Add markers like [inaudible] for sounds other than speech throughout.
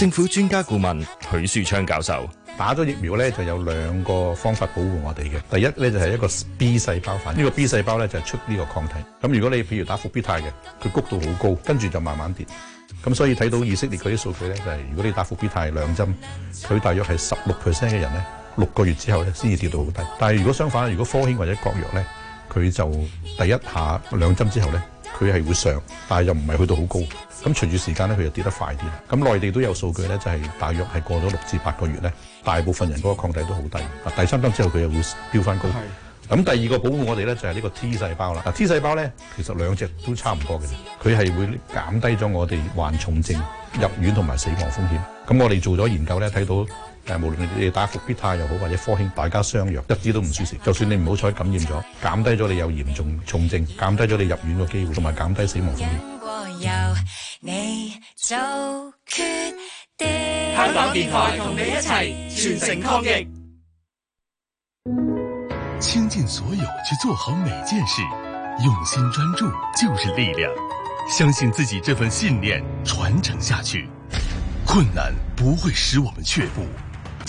政府專家顧問許樹昌教授打咗疫苗咧，就有兩個方法保護我哋嘅。第一咧就係一個 B 細胞反應，呢個 B 細胞咧就係出呢個抗體。咁如果你譬如打復必泰嘅，佢谷度好高，跟住就慢慢跌。咁所以睇到以色列嗰啲數據咧，就係如果你打復必泰兩針，佢大約係十六 percent 嘅人咧，六個月之後咧先至跌到好低。但係如果相反，如果科興或者國藥咧，佢就第一下兩針之後咧。佢係會上，但係又唔係去到好高。咁隨住時間咧，佢又跌得快啲。咁內地都有數據咧，就係大約係過咗六至八個月咧，大部分人嗰個抗體都好低。啊，第三針之後佢又會飆翻高。係。咁第二個保護我哋咧就係呢個 T 細胞啦。嗱，T 細胞咧其實兩隻都差唔多嘅啫。佢係會減低咗我哋患重症、入院同埋死亡風險。咁我哋做咗研究咧，睇到。但係無論你哋打復必泰又好，或者科興，大家相約一啲都唔輸蝕。就算你唔好彩感染咗，減低咗你有嚴重重症，減低咗你入院嘅機會，同埋減低死亡風險。香港電台同你一齊全城抗疫，傾盡所有去做好每件事，用心專注就是力量。相信自己，這份信念傳承下去，困難不會使我們卻步。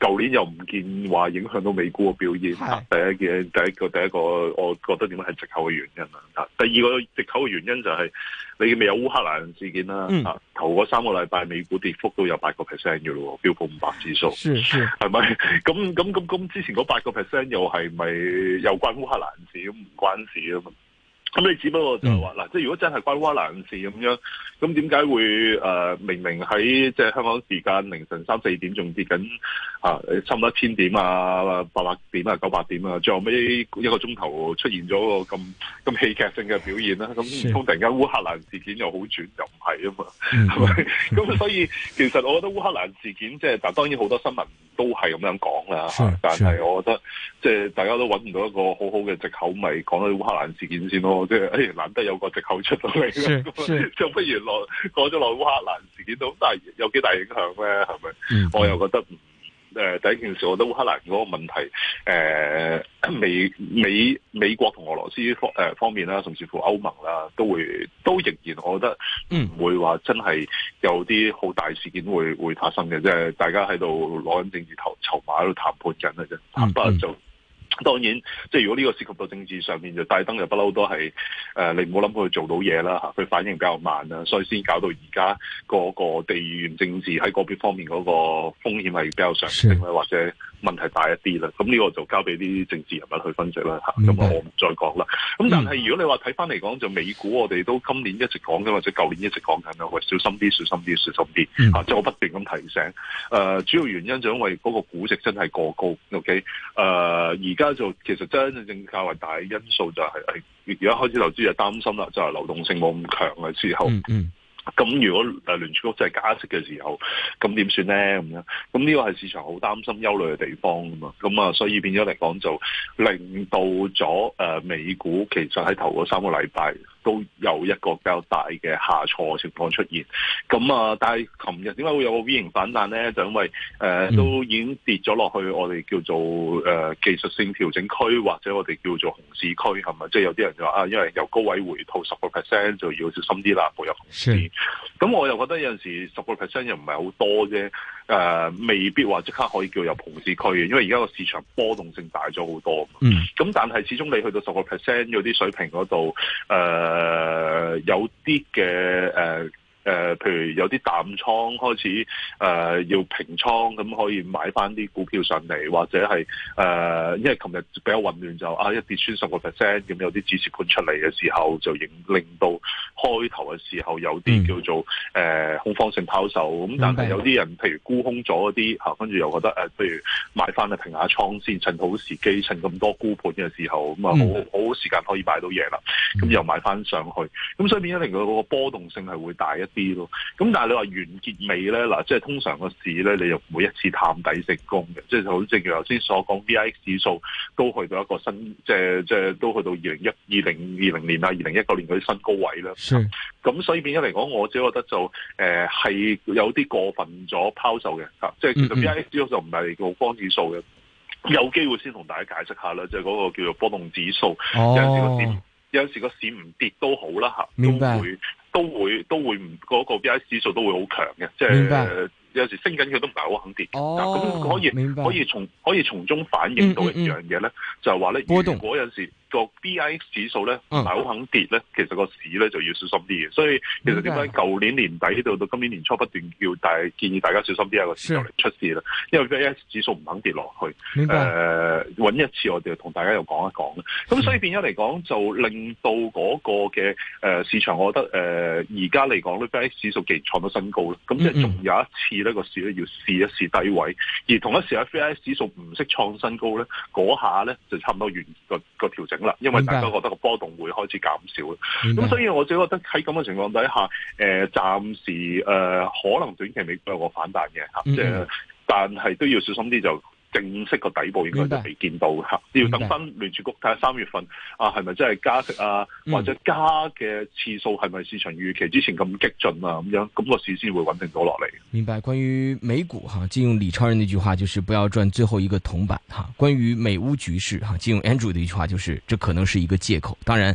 舊年又唔見話影響到美股嘅表現，係是第一件，第一個第一個，我覺得點樣係藉口嘅原因啦。第二個藉口嘅原因就係、是、你未有烏克蘭事件啦。啊、嗯，頭嗰三個禮拜美股跌幅都有八個 percent 嘅咯，標普五百指數係咪？咁咁咁咁，之前嗰八個 percent 又係咪又關烏克蘭事咁唔關事啊？咁你只不過就係話嗱，即係、嗯、如果真係關烏克蘭事咁樣，咁點解會誒、呃、明明喺即係香港時間凌晨三四點仲跌緊嚇，差唔多一千點啊、八百點啊、九百點啊，最後尾一個鐘頭出現咗個咁咁戲劇性嘅表現呢？咁是突然間烏克蘭事件又好轉又唔係啊嘛，係咪？咁所以其實我覺得烏克蘭事件即係，但當然好多新聞都係咁樣講啦，是但係我覺得是即係大家都揾唔到一個好好嘅藉口，咪講到烏克蘭事件先咯。即係，哎，難得有個藉口出到嚟， [laughs] 就不如落過咗落烏克蘭事件都，咁但係有幾大影響咧？係咪？嗯、我又覺得，誒、呃、第一件事，我覺得烏克蘭嗰個問題，呃、美美美國同俄羅斯方誒方面啦、呃，甚至乎歐盟啦，都會都仍然，我覺得唔會話真係有啲好大事件會會發生嘅，即係大家喺度攞緊政治籌籌碼喺度談判緊嘅啫，冇得做。嗯當然，即係如果呢個涉及到政治上面，燈就拜登就不嬲都係誒、呃，你唔好諗佢做到嘢啦，佢反應比較慢啦，所以先搞到而家嗰個地緣政治喺個別方面嗰個風險係比較上升是或者。問題大一啲啦，咁呢個就交俾啲政治人物去分析啦嚇，咁明白、啊、我唔再講啦。咁但係如果你話睇翻嚟講，就美股我哋都今年一直講緊，或者舊年一直講緊啦，喂小心啲，小心啲，小心啲嚇，即係、啊、我不斷咁提醒。誒、呃、主要原因就因為嗰個估值真係過高。OK，誒而家就其實真正正較為大嘅因素就係係而家開始投資就擔心啦，就係流動性冇咁強嘅時候。之後嗯嗯咁如果誒聯儲局真係加息嘅時候，咁點算咧？咁咁呢個係市場好擔心憂慮嘅地方啊嘛，咁啊，所以變咗嚟講就令到咗誒、呃、美股其實喺頭嗰三個禮拜，都有一個比較大嘅下挫情況出現，咁啊，但係琴日點解會有個 V 型反彈咧？就因為誒、呃、都已經跌咗落去我哋叫做誒、呃、技術性調整區或者我哋叫做熊市區，係咪？即係有啲人就話啊，因為由高位回吐十個 percent 就要小心啲啦，步入熊市。咁我又覺得有陣時十個 percent 又唔係好多啫，誒、呃，未必話即刻可以叫入熊市區嘅，因為而家個市場波動性大咗好多。咁、嗯、但係始終你去到十個 percent 嗰啲水平嗰度，誒、呃。誒，有啲嘅誒。Uh 誒、呃，譬如有啲淡倉開始誒、呃、要平倉，咁可以買翻啲股票上嚟，或者係誒、呃，因為琴日比較混亂就，就啊一跌穿十個 percent，咁有啲止蝕盤出嚟嘅時候就，就令到開頭嘅時候有啲叫做誒、呃、恐慌性拋售，咁但係有啲人譬如沽空咗嗰啲跟住又覺得誒、呃，譬如買翻去平下倉先，趁好時機，趁咁多沽盤嘅時候，咁啊好好，好好時間可以買到嘢啦，咁、嗯嗯、又買翻上去，咁所以變咗嚟個波動性係會大一點。咯，咁但係你話完結尾咧？嗱，即係通常個市咧，你又每一次探底成功嘅，即係好似正如頭先所講，VIX 指數都去到一個新，即係即係都去到二零一、二零二零年啊、二零一九年嗰啲新高位啦。咁所以變咗嚟講，我自己覺得就誒係、呃、有啲過分咗拋售嘅吓、啊，即係其實 VIX 指數就唔係個光指數嘅，嗯嗯、有機會先同大家解釋下啦，即係嗰個叫做波動指數、哦。有時個市有時個市唔跌都好啦吓、啊，都會。都會都會唔嗰、嗰個 b i 指數都會好強嘅，即係白有時升緊佢都唔係好肯跌，咁、哦、可以白可以從可以從中反映到、嗯嗯嗯、一樣嘢咧，就係話咧，動如果有陣時。個 B I S 指數咧，唔係好肯跌咧，其實個市咧就要小心啲嘅。所以其實點解舊年年底到到今年年初不斷叫大建議大家小心啲，一個市就嚟出事啦。因為 B I S 指數唔肯跌落去，誒、呃，穩一次我哋同大家又講一講嘅。咁所以變咗嚟講，就令到嗰個嘅誒市場，我覺得誒而家嚟講，呢 B I S 指數既然創咗新高啦。咁即係仲有一次咧，個市咧要試一試低位，而同一時喺 B I S 指數唔識創新高咧，嗰下咧就差唔多完個個調整。因為大家覺得個波動會開始減少咁，白所以我就覺得喺咁嘅情況底下，呃，暫時、呃、可能短期未有個反彈嘅，即係、嗯哼呃、但係都要小心啲就。正式個底部應該都未見到啦，明白要等翻聯儲局睇下三月份明白啊，係咪真係加息啊，或者加嘅次數係咪市場預期、嗯、之前咁激進啊，咁樣咁個市先會穩定到落嚟。明白。關於美股哈，借、啊、用李超人那句話，就是不要賺最後一個銅板哈、啊。關於美烏局勢哈，借、啊、用 Andrew 的一句話，就是這可能是一個借口。當然。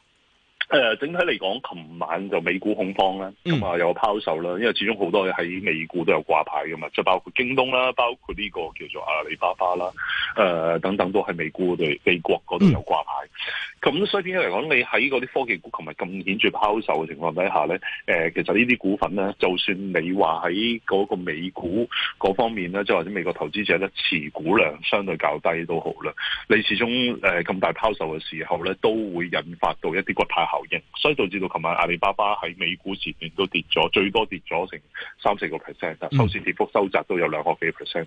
誒、呃，整體嚟講，琴晚就美股恐慌啦，咁啊有，有拋售啦，因為始終好多嘢喺美股都有掛牌噶嘛，即係包括京東啦，包括呢個叫做阿里巴巴啦，誒、呃、等等都喺美股對美國嗰度有掛牌。咁所以，因此嚟講，你喺嗰啲科技股琴日咁顯著拋售嘅情況底下咧，其實呢啲股份咧，就算你話喺嗰個美股嗰方面咧，即係或者美國投資者咧，持股量相對較低都好啦。你始終咁大拋售嘅時候咧，都會引發到一啲骨牌效應，所以導致到琴日阿里巴巴喺美股前段都跌咗，最多跌咗成三四個 percent，收市跌幅收窄都有兩個幾 percent。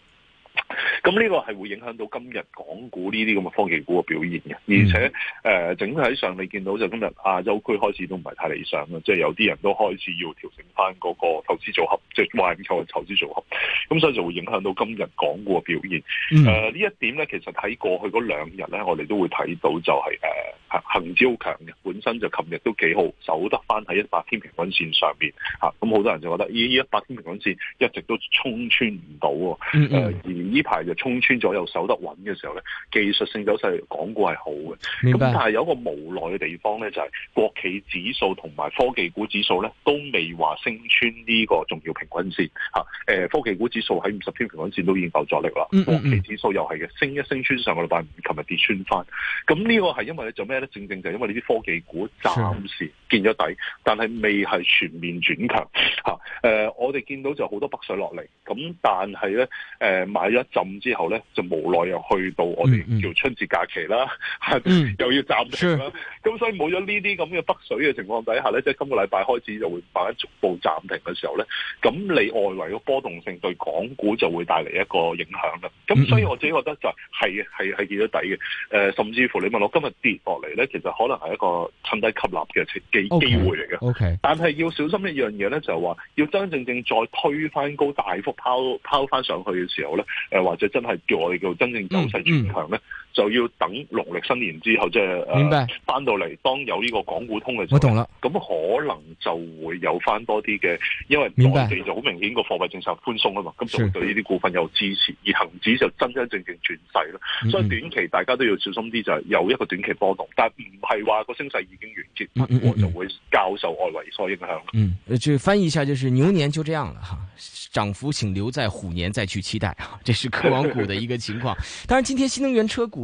咁呢個係會影響到今日港股呢啲咁嘅科技股嘅表現嘅，而且誒、呃、整體上你見到就今日亞洲區開始都唔係太理想啦，即係有啲人都開始要調整翻嗰個投資組合，即係外邊嘅投資組合，咁所以就會影響到今日港股嘅表現。誒、呃、呢一點咧，其實喺過去嗰兩日咧，我哋都會睇到就係誒恒指好強嘅，本身就琴日都幾好，守得翻喺一百天平均線上邊吓，咁、啊、好多人就覺得咦，一百天平均線一直都衝穿唔到，誒而呢。係就衝穿咗又守得穩嘅時候咧，技術性走勢港股係好嘅。明白。咁但係有個無奈嘅地方咧，就係國企指數同埋科技股指數咧，都未話升穿呢個重要平均線嚇。誒，科技股指數喺五十天平均線都已經夠阻力啦。嗯嗯嗯，國企指數又係嘅，升一升穿上個禮拜，琴日跌穿翻。咁呢個係因為咧做咩咧？正正就係因為你啲科技股暫時見咗底，的但係未係全面轉強嚇。誒、呃，我哋見到就好多北水落嚟，咁但係咧誒買咗。浸之後咧，就無奈又去到我哋叫春節假期啦，嗯、 [laughs] 又要暫停啦咁，嗯、所以冇咗呢啲咁嘅北水嘅情況底下咧，即、係、今個禮拜開始就會慢慢逐步暫停嘅時候咧，咁你外圍嘅波動性對港股就會帶嚟一個影響啦。咁所以我自己覺得就係係係見到底嘅，甚至乎你問我今日跌落嚟咧，其實可能係一個趁低吸納嘅機會嚟嘅。O Okay , K，okay. 但係要小心一樣嘢咧，就係、係、話要真真正正再推返高大幅拋返翻上去嘅時候咧，呃或者真係叫我哋叫真正走勢轉強咧？嗯嗯就要等農曆新年之後，即係翻到嚟，當有呢個港股通嘅時候，我懂啦，咁可能就會有翻多啲嘅，因為短期就好明顯個白貨幣政策寬鬆啊嘛，咁就會對呢啲股份有支持，是而恒指就真真正正轉勢啦。嗯嗯，所以短期大家都要小心啲，就係有一個短期波動，但唔係話個升勢已經完結，嗯嗯嗯嗯，我就會較受外圍所影響。嗯，就翻譯一下，就是牛年就這樣了哈，漲幅請留在虎年再去期待啊，這是科王股的一個情況，當然， [laughs] 今天新能源車股。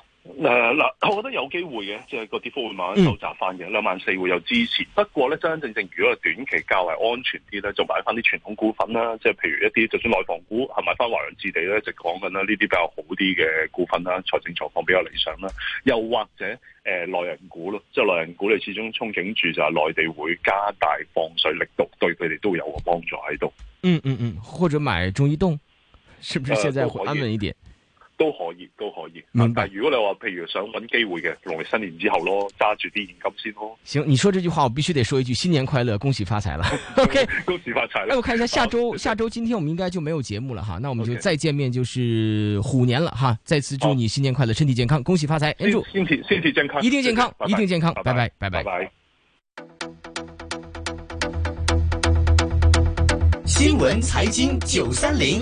誒嗱，我覺得有機會嘅，即係個跌幅會慢慢收窄翻嘅，兩萬四會有支持。不過咧，真真正正如果係短期較為安全啲咧，就買翻啲傳統股份啦，即係譬如一啲就算內房股，係買翻華潤置地咧，就講緊啦，呢啲比較好啲嘅股份啦，財政狀況比較理想啦。又或者誒內銀股咯，即係內銀股，你始終憧憬住就係內地會加大放水力度，對佢哋都有個幫助喺度。嗯嗯嗯，或者買中移動，是不是現在會安穩一點？嗯嗯嗯都可以，都可以。明白。如果你話，譬如想揾機會嘅，農曆新年之後咯，揸住啲現金先咯。行，你說這句話，我必須得說一句新年快樂，恭喜發財了。OK，恭喜發財。那我看一下，下周，下周，今天我們應該就沒有節目了哈。那我們就再見面就是虎年了哈。再次祝你新年快樂，身體健康，恭喜發財。祝身體身體健康，一定健康，一定健康。拜拜，拜拜，拜拜。新聞財經九三零。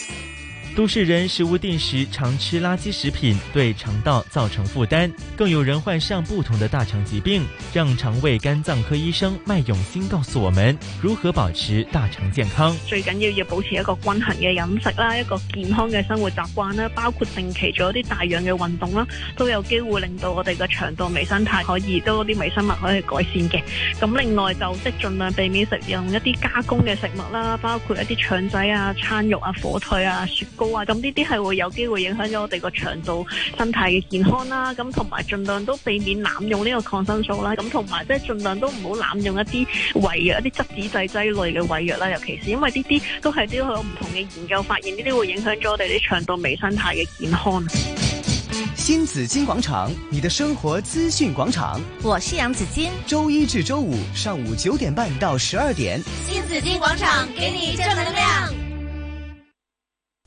都市人食物定時，常吃垃圾食品，對腸道造成負擔，更有人患上不同的大腸疾病。讓腸胃肝臟科醫生麥永興告訴我們如何保持大腸健康。最緊要要保持一個均衡嘅飲食啦，一個健康嘅生活習慣啦，包括定期做一啲帶氧嘅運動啦，都有機會令到我哋嘅腸道微生態可以多啲微生物可以改善嘅。咁另外就即盡量避免食用一啲加工嘅食物啦，包括一啲腸仔啊、餐肉啊、火腿啊、雪。高啊！咁呢啲係會有機會影響咗我哋個腸道生態嘅健康啦。咁同埋盡量都避免濫用呢個抗生素啦。咁同埋即係盡量都唔好濫用一啲胃藥、一啲質子製劑類嘅胃藥啦。尤其是因為呢啲都係都有唔同嘅研究發現，呢啲會影響咗我哋啲腸道微生態嘅健康。新紫荊廣場，你的生活資訊廣場。我是楊紫荊，周一至周五上午九點半到十二點。新紫荊廣場，給你正能量。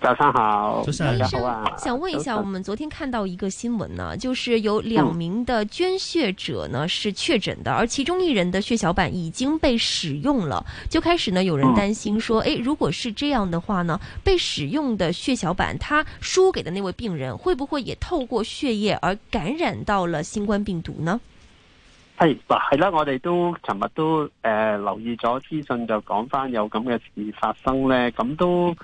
早上好，早上好，大家好啊。醫生，想問一下，我們昨天看到一個新聞呢，就是有兩名的捐血者呢是確診的，嗯、而其中一人的血小板已經被使用了，就開始呢有人擔心說，誒、嗯哎，如果是這樣的話呢，被使用的血小板，他輸給的那位病人，會不會也透過血液而感染到了新冠病毒呢？係，係、嗱、啦，我哋都尋日都誒、呃、留意咗資訊，就講翻有咁嘅事發生咧，咁都。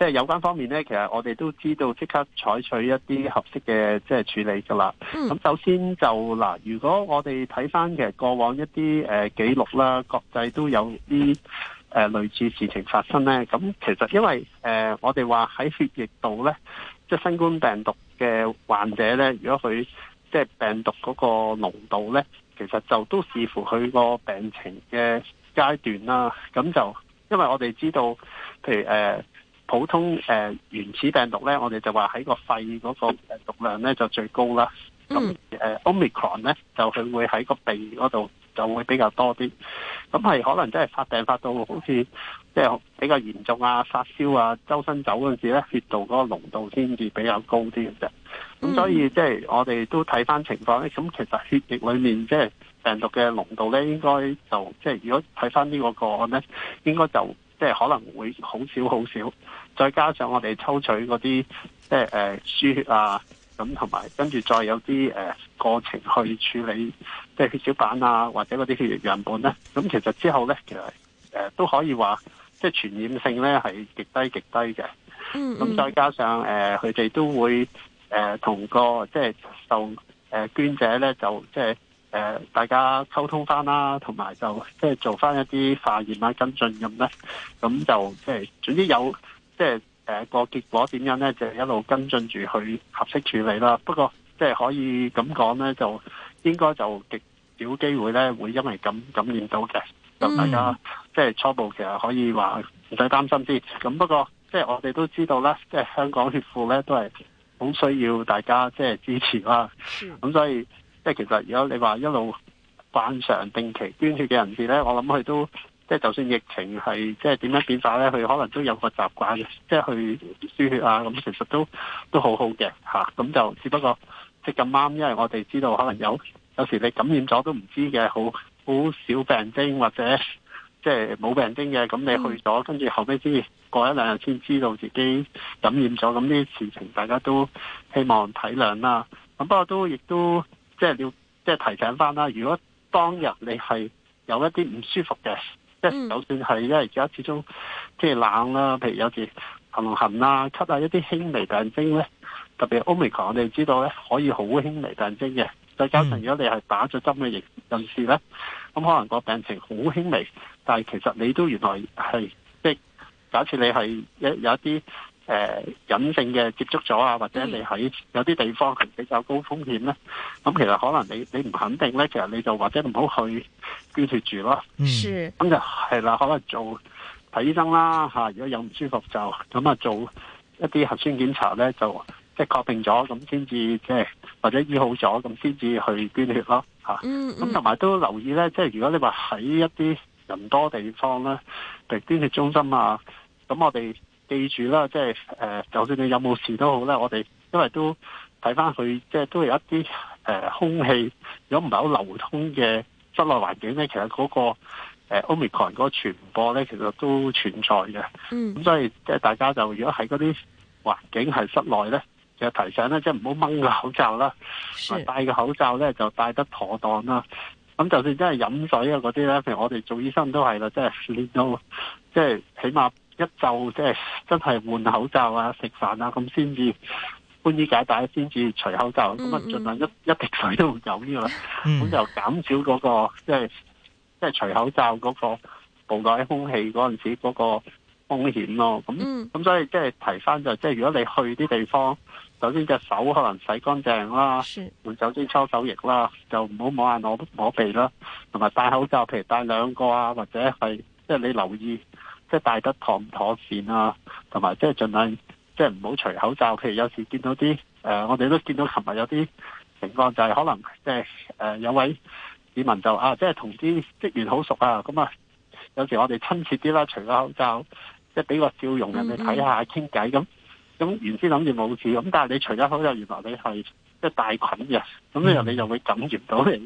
即係有關方面咧，其實我哋都知道即刻採取一啲合適嘅即係處理㗎啦。咁首先就嗱，如果我哋睇翻嘅過往一啲誒記錄啦，國際都有啲誒、呃、類似事情發生咧。咁其實因為誒、呃、我哋話喺血液度咧，即係新冠病毒嘅患者咧，如果佢即係病毒嗰個濃度咧，其實就都視乎佢個病情嘅階段啦。咁就因為我哋知道，譬如誒、呃普通誒、呃、原始病毒咧，我哋就話喺個肺嗰個病毒量咧就最高啦。咁誒 Omicron 咧，就佢會喺個鼻嗰度就會比較多啲。咁係可能真係發病發到好似即係比較嚴重啊，發燒啊，周身走嗰陣時咧，血道嗰個濃度先至比較高啲嘅啫。咁所以即係、嗯、我哋都睇翻情況咧。咁其實血液裏面即係病毒嘅濃度咧，應該就即係、即係、如果睇翻呢個個案咧，應該就即係、即係、可能會好少好少。再加上我哋抽取嗰啲即係誒輸血啊，咁同埋跟住再有啲誒過程去處理，即係血小板啊或者嗰啲血液樣本咧，咁其實之後咧，其實誒都可以話即係傳染性咧係極低極低嘅。嗯、嗯，咁再加上誒佢哋都會誒同個即係受誒捐者咧就即係誒大家溝通翻啦，同埋就即係做翻一啲化驗啊跟進咁咧，咁就即係總之有。即係誒個結果點樣咧，就一路跟進住去合適處理啦。不過即係可以咁講咧，就應該就極少機會咧會因為咁感染到嘅。咁大家即係初步其實可以話唔使擔心啲。咁不過即係我哋都知道啦，即係香港血庫咧都係好需要大家即係支持啦。咁所以即係其實如果你話一路慣常定期捐血嘅人士咧，我諗佢都。即係就算疫情係即係點樣變化咧，佢可能都有個習慣，即係去輸血啊咁，其實都都好好嘅嚇。咁就只不過即係咁啱，因為我哋知道可能有有時你感染咗都唔知嘅，好好少病徵或者即係冇病徵嘅，咁你去咗跟住後尾先過一兩日先知道自己感染咗，咁呢啲事情大家都希望體諒啦。咁不過都亦都即係要即係提醒翻啦，如果當日你係有一啲唔舒服嘅。即係，就算係，因為而家始終即係冷啦、啊，譬如有時行行啊、咳啊，一啲輕微病徵咧，特別係奧密克，我哋知道咧可以好輕微病徵嘅，再加上如果你係打咗針嘅疫人士咧，咁可能個病情好輕微，但係其實你都原來係即係，假設你係有有一啲。誒隱性嘅接觸咗啊，或者你喺有啲地方係比較高風險咧，咁、嗯、其實可能你你唔肯定咧，其實你就或者唔好去捐血住咯。嗯，咁就係啦，可能做睇醫生啦嚇，如果有唔舒服就咁啊，做一啲核酸檢查咧，就即係確定咗咁先至即係或者醫好咗咁先至去捐血咯嚇。咁同埋都留意咧，即係如果你話喺一啲人多地方呢，譬如捐血中心啊，咁我哋。記住啦，即係誒，就算你有冇事都好啦。我哋因為都睇翻佢，即係都有一啲誒空氣如果唔係好流通嘅室內環境咧，其實嗰個誒 Omicron 嗰個傳播咧，其實都存在嘅。嗯，咁所以即係大家就如果喺嗰啲環境係室內咧，就提醒咧，即係唔好掹個口罩啦，戴是個口罩咧就戴得妥當啦。咁就算真係飲水啊嗰啲咧，譬如我哋做醫生都係啦，即係練到即係起碼。一就即係、就是、真係換口罩啊、食飯啊咁先至，寬衣解帶先至除口罩，咁啊儘量一、嗯、一滴水都唔飲呢個啦，咁、嗯、就減少嗰、那個即係即係除口罩嗰、那個暴露空氣嗰陣時嗰個風險咯、啊。咁咁、嗯、所以即係、就是、提返就即、是、係如果你去啲地方，首先隻手可能洗乾淨啦，是換酒精搓手液啦，就唔好摸眼、摸鼻啦，同埋戴口罩，譬如戴兩個啊，或者係即係你留意。即係戴得妥唔妥善啊，同埋即係盡量即係唔好除口罩。譬如有時見到啲誒、呃，我哋都見到琴日有啲情況就係、是、可能即係誒有位市民就啊，即係同啲職員好熟啊，咁啊有時我哋親切啲啦，除個口罩，即係俾個笑容人哋睇下傾偈咁。咁原先諗住冇事，咁但係你除咗口罩，原來你係即係帶菌嘅，咁樣又你就會感染到你即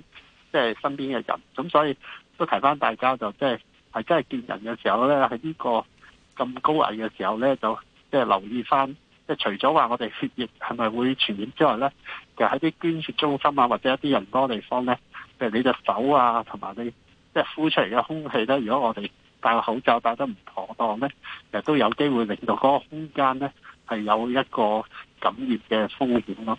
係、就是、身邊嘅人。咁所以都提翻大家就即、就、係、是。係真係見人嘅時候咧，喺呢個咁高危嘅時候咧，就即係留意翻，即係除咗話我哋血液係咪會傳染之外咧，其實喺啲捐血中心啊，或者一啲人多地方咧，譬如你隻手啊，同埋你即係呼出嚟嘅空氣咧，如果我哋戴個口罩戴得唔妥當咧，其實都有機會令到嗰個空間咧係有一個感染嘅風險咯。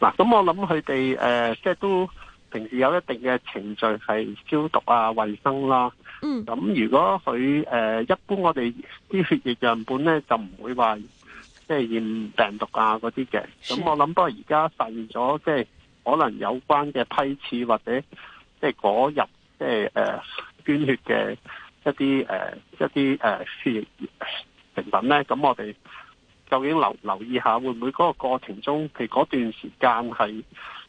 嗱，咁我諗佢哋，誒，即係都平時有一定嘅程序係消毒啊、衛生啦。嗯。咁如果佢誒一般，我哋啲血液樣本咧就唔會話即係驗病毒啊嗰啲嘅。咁我諗，不過而家發現咗，即係可能有關嘅批次或者即係嗰日即係誒捐血嘅一啲誒一啲誒血液成品咧，咁我哋。究竟留留意一下，會唔會嗰個過程中，譬如嗰段時間係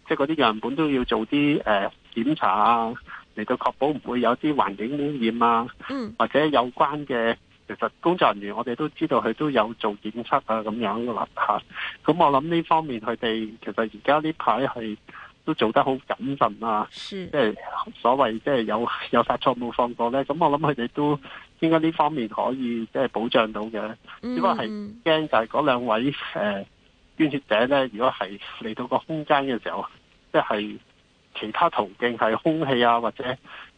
即係嗰啲樣本都要做啲誒、呃、檢查啊，嚟到確保唔會有啲環境污染啊，嗯、或者有關嘅其實工作人員我哋都知道佢都有做檢測啊咁樣嘅啦嚇。咁、啊、我諗呢方面佢哋其實而家呢排係都做得好謹慎啊，即係所謂即係有有殺錯冇放過咧。咁我諗佢哋都。應該呢方面可以即係保障到嘅，只、mm hmm. 不過係驚就係嗰兩位誒捐血者咧，如果係嚟到個空間嘅時候，即係其他途徑係空氣啊，或者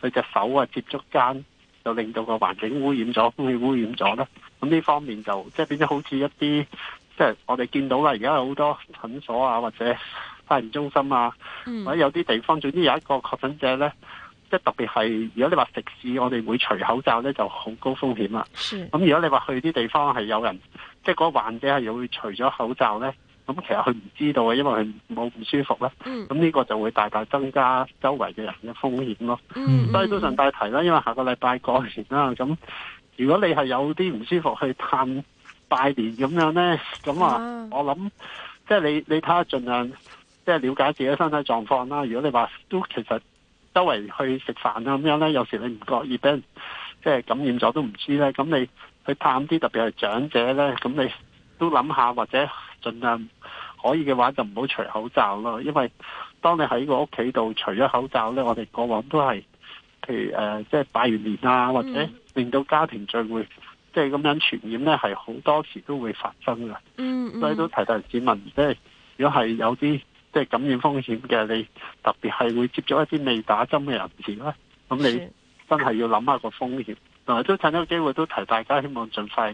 佢隻手啊接觸間，就令到個環境污染咗，空氣污染咗咧。咁呢方面就即係變咗好似一啲，即係我哋見到啦，而家有好多診所啊，或者化驗中心啊，mm hmm. 或者有啲地方，總之有一個確診者咧。即係特別係，如果你話食肆，我哋會除口罩咧就好高風險啦。咁是如果你話去啲地方係有人，即係嗰個患者係會除咗口罩咧，咁其實佢唔知道嘅，因為佢冇唔舒服啦。咁呢、嗯、個就會大大增加周圍嘅人嘅風險咯。嗯嗯嗯，所以都順帶提啦，因為下個禮拜過年啦，咁如果你係有啲唔舒服去探拜年咁樣咧，咁啊，啊我諗即係你你睇下盡量即係、就是、了解自己身體狀況啦。如果你話都其實。周圍去食飯啊咁樣咧，有時你唔覺意俾人即係感染咗都唔知咧。咁你去探啲，特別係長者咧，咁你都諗下或者盡量可以嘅話，就唔好除口罩咯。因為當你喺個屋企度除咗口罩咧，我哋過往都係，譬如誒、呃，即係拜完年啊，嗯、或者令到家庭聚會，即係咁樣傳染咧，係好多時都會發生噶。嗯，所以都提提市民，即係如果係有啲。即係感染風險嘅你，特別係會接觸一啲未打針嘅人士咧，咁你真係要諗下個風險。同埋都趁呢個機會都提大家，希望盡快。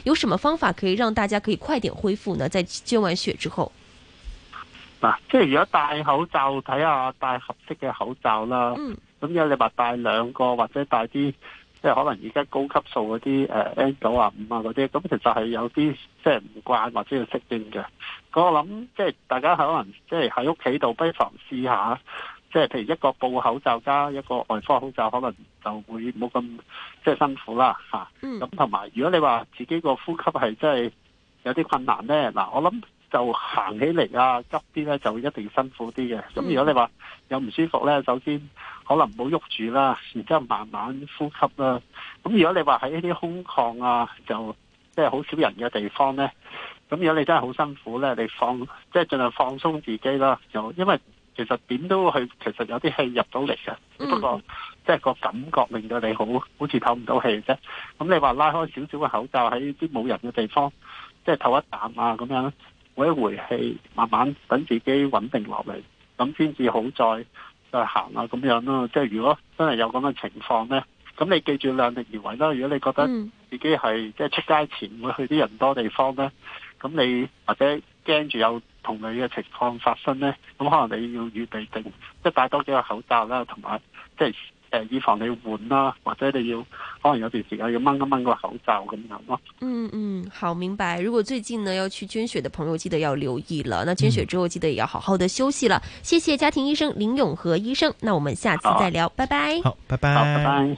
有什麼方法可以讓大家可以快點恢復呢？在捐完血之後嗱，即係如果戴口罩，睇下戴合適嘅口罩啦。嗯。咁有你話戴兩個或者戴啲，即係可能而家高級數嗰啲誒 N 九啊五啊嗰啲，咁其實係有啲即係唔慣或者要適應嘅。咁我諗即係大家可能即係喺屋企度不妨試下。即係譬如一個布口罩加一個外科口罩，可能就會冇咁即係辛苦啦吓。咁同埋如果你話自己個呼吸係真係有啲困難呢，嗱我諗就行起嚟啊急啲呢就一定辛苦啲嘅。咁如果你話有唔舒服呢，首先可能唔好喐住啦，然之後慢慢呼吸啦。咁如果你話喺一啲空曠啊，就即係好少人嘅地方呢，咁如果你真係好辛苦呢，你放即係盡量放鬆自己啦，就因為。其實點都係，其實有啲氣入到嚟嘅，只不過即係個感覺令到你好好似透唔到氣啫。咁你話拉開少少嘅口罩喺啲冇人嘅地方，即係透一啖啊，咁樣，每一回氣，慢慢等自己穩定落嚟，咁先至好再再行啊，咁樣咯。即係如果真係有咁嘅情況咧，咁你記住量力而為啦。如果你覺得自己係即係出街前會去啲人多地方咧，咁你或者。驚住有同類嘅情況發生呢，咁可能你要預備定，即係帶多幾個口罩啦，同埋即係誒、呃，以防你換啦，或者你要可能有段時間要掹一掹個口罩咁樣咯。嗯嗯，好明白。如果最近呢要去捐血嘅朋友，記得要留意啦。那捐血之後，記得也要好好的休息啦。嗯、謝謝家庭醫生林永和醫生。那我們下次再聊，好拜拜。好，拜拜，拜拜。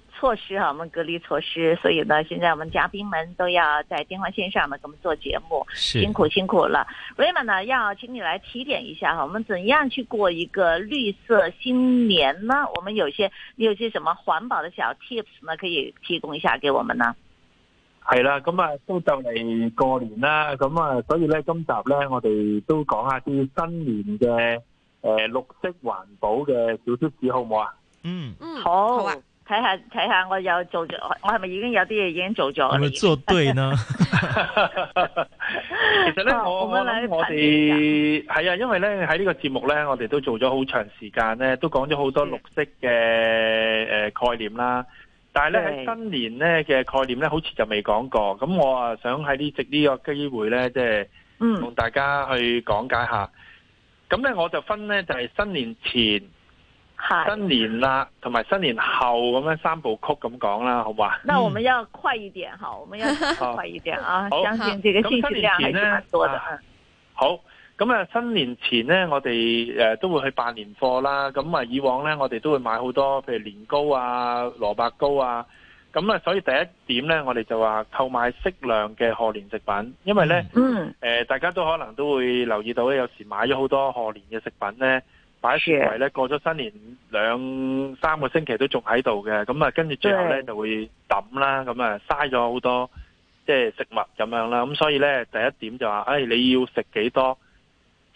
措施哈，我們隔離措施，所以呢，現在我們嘉賓們都要在電話線上呢給我們做節目，是辛苦辛苦了。Raymond 呢，要請你來提點一下哈，我們怎樣去過一個綠色新年呢？我們有些你有些什麼環保的小 tips 呢，可以提供一下給我們呢？係啦，咁啊都就嚟過年啦，咁啊，所以咧今集咧我哋都講下啲新年嘅、誒綠色環保嘅小 tips 好唔好啊？嗯嗯，好啊。睇下睇下，下我有做咗，我係咪已經有啲嘢，已經做咗？我咪做對呢？其實呢，哦、我我我我哋係啊， [laughs] 因為呢喺呢個節目呢，我哋都做咗好長時間呢，都講咗好多綠色嘅、誒、呃、概念啦。但係呢喺是新年呢嘅概念呢，好似就未講過。咁我啊想喺呢，藉、這、呢個機會呢，即係同大家去講解下。咁呢、嗯，我就分呢，就係、是、新年前，新年啦，同埋新年後咁樣三部曲咁講啦，好唔好啊？那我們要快一點哈，我們要快一點啊！好，相信這個信息量還是蠻多的、啊、好。咁啊，新年前呢，我哋誒、呃、都會去辦年貨啦。咁啊，以往呢，我哋都會買好多，譬如年糕啊、蘿蔔糕啊。咁啊，所以第一點呢，我哋就話購買適量嘅賀年食品，因為呢，誒、嗯呃，大家都可能都會留意到咧，有時買咗好多賀年嘅食品呢。擺雪櫃咧，過咗新年兩三個星期都仲喺度嘅。咁啊，跟住最後咧的就會抌啦，咁啊，嘥咗好多即係食物咁樣啦，咁所以咧第一點就話、是，誒、哎，你要食幾多？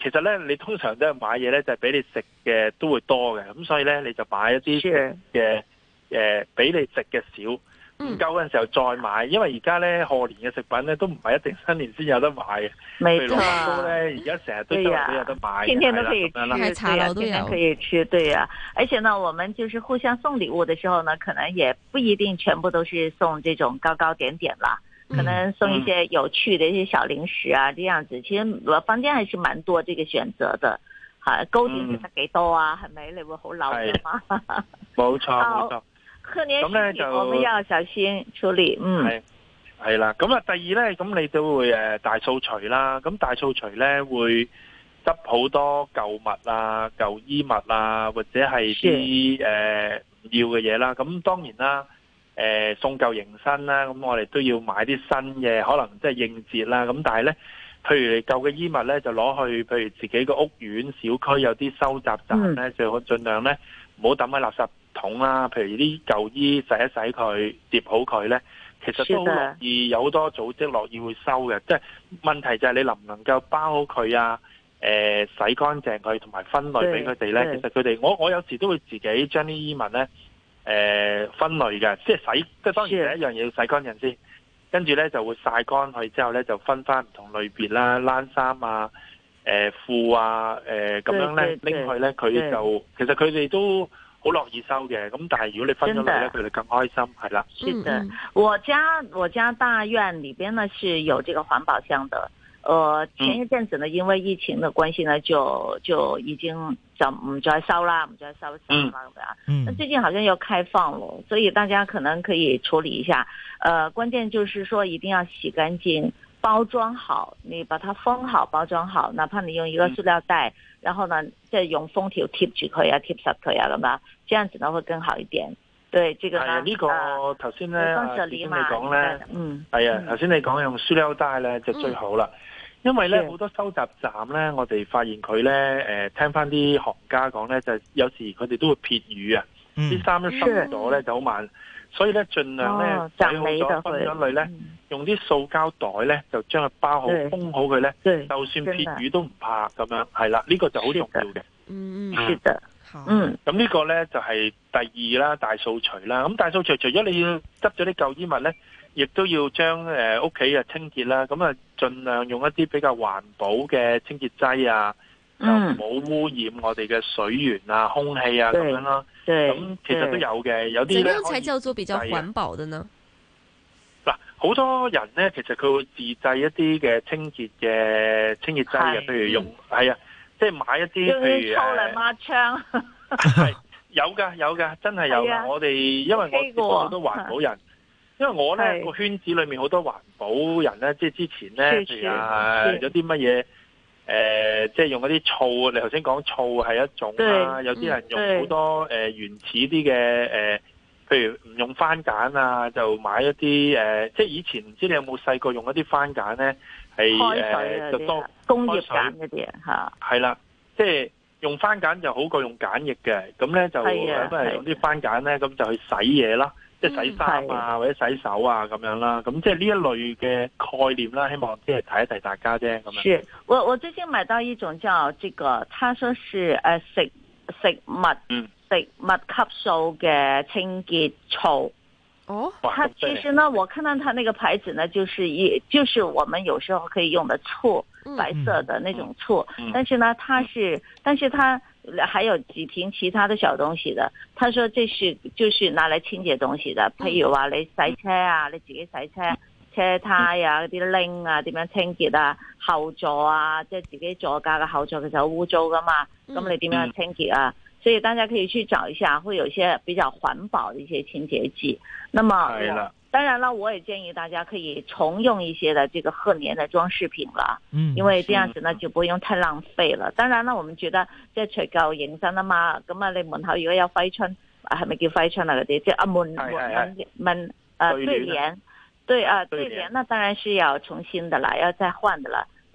其實咧你通常都係買嘢咧，就係俾你食嘅都會多嘅，咁所以咧你就買一啲嘅嘅，誒的，俾、呃、你食嘅少。唔夠嘅時候再買，因為而家咧賀年嘅食品咧都唔係一定新年先有得買嘅，啊、譬如而家成日都有得買。天、啊、天都可以吃，天啊，天可以吃，對啊。而且呢，我們就是互相送禮物的時候呢，可能也不一定全部都是送這種高高點點啦，嗯、可能送一些有趣的一些小零食啊，嗯、這樣子。其實我房間還是蠻多這個選擇的。好、啊，高點得幾多啊？係咪、嗯？你會好扭點嗎？冇錯，冇 [laughs] 好錯。咁咧就，我們要小心處理，嗯，係係、呃、啦，咁啊，第二咧，咁你都會誒大掃除啦，咁大掃除咧會執好多舊物啊、舊衣物啊，或者係啲誒唔要嘅嘢啦，咁當然啦，誒、呃、送舊迎新啦，咁我哋都要買啲新嘅，可能即係應節啦，咁但係咧，譬如你舊嘅衣物咧就攞去，譬如自己個屋苑、小區有啲收集站咧，最好盡量咧唔好抌喺垃圾桶啦，譬如啲舊衣洗一洗佢，疊好佢咧，其實都容易有好多組織樂意會收嘅。即係問題就係你能唔能夠包好佢啊？誒、呃，洗乾淨佢同埋分類俾佢哋咧。對其實佢哋，我我有時都會自己將啲衣物咧誒、呃、分類嘅，即係洗，即係當然係一樣嘢要洗乾淨先。跟住咧就會曬乾佢之後咧就分翻唔同類別啦，冷衫啊，誒、呃、褲啊，誒、呃、咁樣咧拎去咧佢就其實佢哋都。好樂意收嘅，咁但係如果你分咗佢咧，佢哋更開心係啦。是的，我家我家大院裏邊呢是有這個環保箱的。呃，前一陣子呢，因為疫情的關係呢，就就已經就唔再收啦，唔再收晒啦咁樣。嗯。那，嗯、最近好像又開放咯，所以大家可能可以處理一下。呃，關鍵就是說一定要洗乾淨，包裝好，你把它封好，包裝好，哪怕你用一個塑料袋，嗯、然後呢再用封條貼住佢啊，貼實佢啊咁樣。這樣子呢會更好一點，對，呢個頭先咧，你講呢，嗯，係啊，頭先你講用塑料袋呢就最好啦，因為呢好多收集站呢，我哋發現佢呢，誒，聽翻啲行家講呢，就有時佢哋都會撇雨啊，啲衫一濕咗呢就好慢，所以呢盡量呢，洗咗分咗類咧，用啲塑膠袋呢就將佢包好封好佢呢，就算撇雨都唔怕咁樣，係啦，呢個就好重要嘅，嗯嗯，咁、嗯、呢個咧就係、是、第二啦，大掃除啦。咁大掃除除咗你要執咗啲舊衣物咧，亦都要將誒屋企嘅清潔啦。咁啊盡量用一啲比較環保嘅清潔劑啊，就唔好，嗯啊、污染我哋嘅水源啊、空氣啊咁對樣啦。咁其實都有嘅，有啲咧。怎樣才叫做比較環保的呢？嗱，好多人咧，其實佢會自製一啲嘅清潔嘅清潔劑嘅，譬是如用係、嗯、啊。即係買一啲，用醋嚟抹窗。係 [laughs] 有噶，有噶，真係有噶。啊、我哋因為我知道好多環保人，因為我咧個圈子裏面好多環保人咧，即係之前咧除咗啲乜嘢，誒，即係用嗰啲醋。你頭先講醋係一種啊，對有啲人用好多誒對、呃、原始啲嘅誒，譬如唔用番鹼啊，就買一啲誒、呃，即係以前唔知你有冇細個用一啲番鹼咧。係誒，就多工業鹼嗰啲啊，吓係啦，即係用番鹼就好過用鹼液嘅，咁咧就都係的用啲番鹼咧，咁的就去洗嘢啦，的即係洗衫啊的或者洗手啊咁樣啦，咁即係呢一類嘅概念啦，希望即係睇一睇大家啫。咁是，是樣我我最先買到一種叫這個，他說是誒，食食物，嗯，食物級數嘅清潔醋。哦，他其實呢，我看到他那個牌子呢，就是也就是我們有時候可以用的醋，白色的那種醋。嗯、但是呢，他是，但是他還有幾瓶其他的小東西的。他說這是就是拿來清潔東西的，譬如啊，你洗車啊，你自己洗車，車胎啊，嗰啲鈴啊，點樣清潔啊，後座啊，即係自己座駕嘅後座其實好污糟噶嘛，咁你點樣清潔啊？嗯嗯所以大家可以去找一下，會有些比較環保的一些清潔劑。那麼，哎、了當然了，我也建議大家可以重用一些的這個賀年的裝飾品了。嗯、因為這樣子呢，是就不用太浪費了。當然了，我們覺得這財狗銀山的嘛，咁啊，你門頭如果要揮春，啊，係咪叫揮春啊嗰啲？這係門門門啊對聯，對啊、哎哎、對聯，那、呃哎哎、當然是要重新的了，要再換的了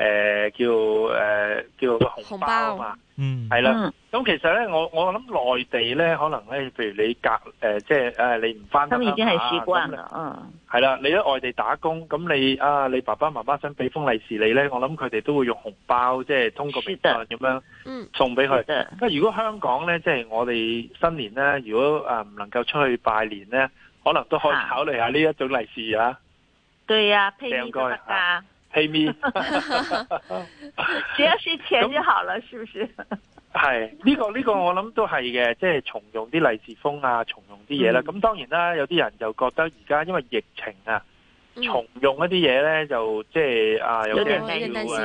誒、呃，叫誒、呃，叫個紅包嘛，包嗯，係啦。咁其實咧，我我諗內地咧，可能咧，譬如你隔誒、呃，即係誒、呃，你唔翻咁，已經係事關啦，啊、嗯，係啦。你喺外地打工，咁你啊，你爸爸媽媽想俾封利是你咧，我諗佢哋都會用紅包，即係通過微信咁樣送，送俾佢。但如果香港咧，即係我哋新年咧，如果誒唔能夠出去拜年咧，可能都可以考慮下呢一種利是啊。對呀、啊，譬如要係咪？Hey, [laughs] [laughs] 只要是錢就好了， [laughs] 那是不是？係呢個呢個，這個、我諗都係嘅，即、就、係、是、重用啲利是封啊，重用啲嘢啦。咁、嗯、當然啦，有啲人就覺得而家因為疫情啊，嗯、重用一啲嘢咧，就即係啊，有啲要誒，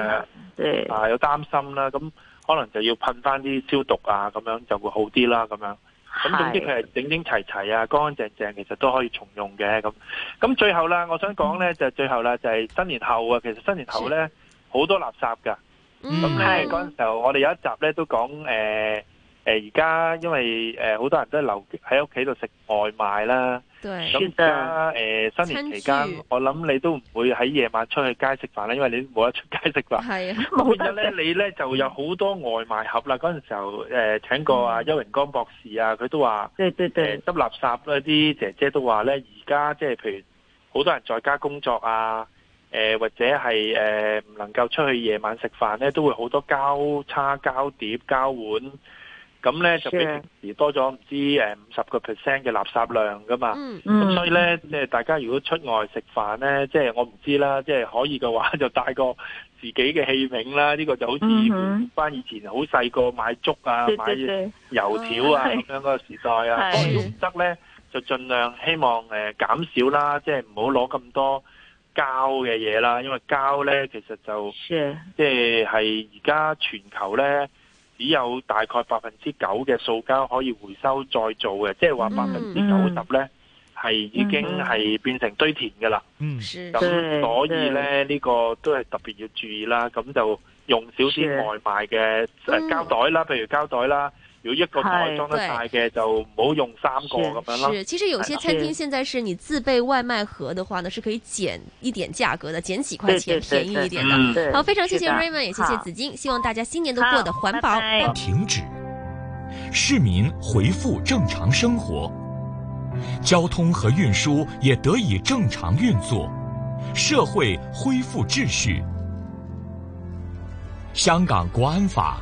啊，有擔心啦。咁、嗯、可能就要噴翻啲消毒啊，咁樣就會好啲啦，咁樣。咁，總之佢係整整齊齊啊，乾乾淨淨，其實都可以重用嘅咁。咁最後啦，我想講呢，就最後啦，就係、是、新年後啊，其實新年後呢，好多垃圾噶，咁呢，嗰陣、嗯、時候，的我哋有一集呢，都講誒。呃誒，而家、呃、因為誒好、呃、多人都係留喺屋企度食外賣啦。咁而家誒新年期間，住我諗你都唔會喺夜晚出去街食飯啦，因為你冇得出街食飯。係啊，冇得咧，你咧就有好多外賣盒啦。嗰陣、嗯、時候誒、呃，請過啊邱榮、嗯、光博士啊，佢都話誒執垃圾咧、啊，啲姐姐都話咧，而家即係譬如好多人在家工作啊，誒、呃、或者係誒唔能夠出去夜晚食飯咧，都會好多膠叉膠碟，膠，碟膠碗。咁咧就比平時多咗唔知誒五十個 percent 嘅垃圾量噶嘛，咁、嗯、所以咧即、嗯、大家如果出外食飯咧，即、就、係、是、我唔知啦，即、就、係、是、可以嘅話就帶個自己嘅器皿啦，呢、這個就好似返以前好細個買粥啊、嗯、買油條啊咁、嗯、樣嗰個時代啊。咁得咧就盡量希望誒減少啦，即係唔好攞咁多膠嘅嘢啦，因為膠咧其實就是即係係而家全球咧。只有大概百分之九嘅塑膠可以回收再做嘅，即係話百分之九十呢係、嗯、已經係變成堆填㗎啦。咁、嗯、所以呢，呢個都係特別要注意啦。咁就用少啲外賣嘅膠是、呃、袋啦，譬如膠袋啦。如果一個袋裝得大嘅，就唔好用三個咁對是樣咯，是，其實有些餐廳現在是你自備外賣盒的話呢，呢,是可以減一點價格的，減幾塊錢，便宜一點的。對對對對，嗯、好，非常謝謝 Raymond，的也謝謝紫荊，好希望大家新年都過得環保。停止，市民回復正常生活，交通和運輸也得以正常運作，社會恢復秩序。香港國安法。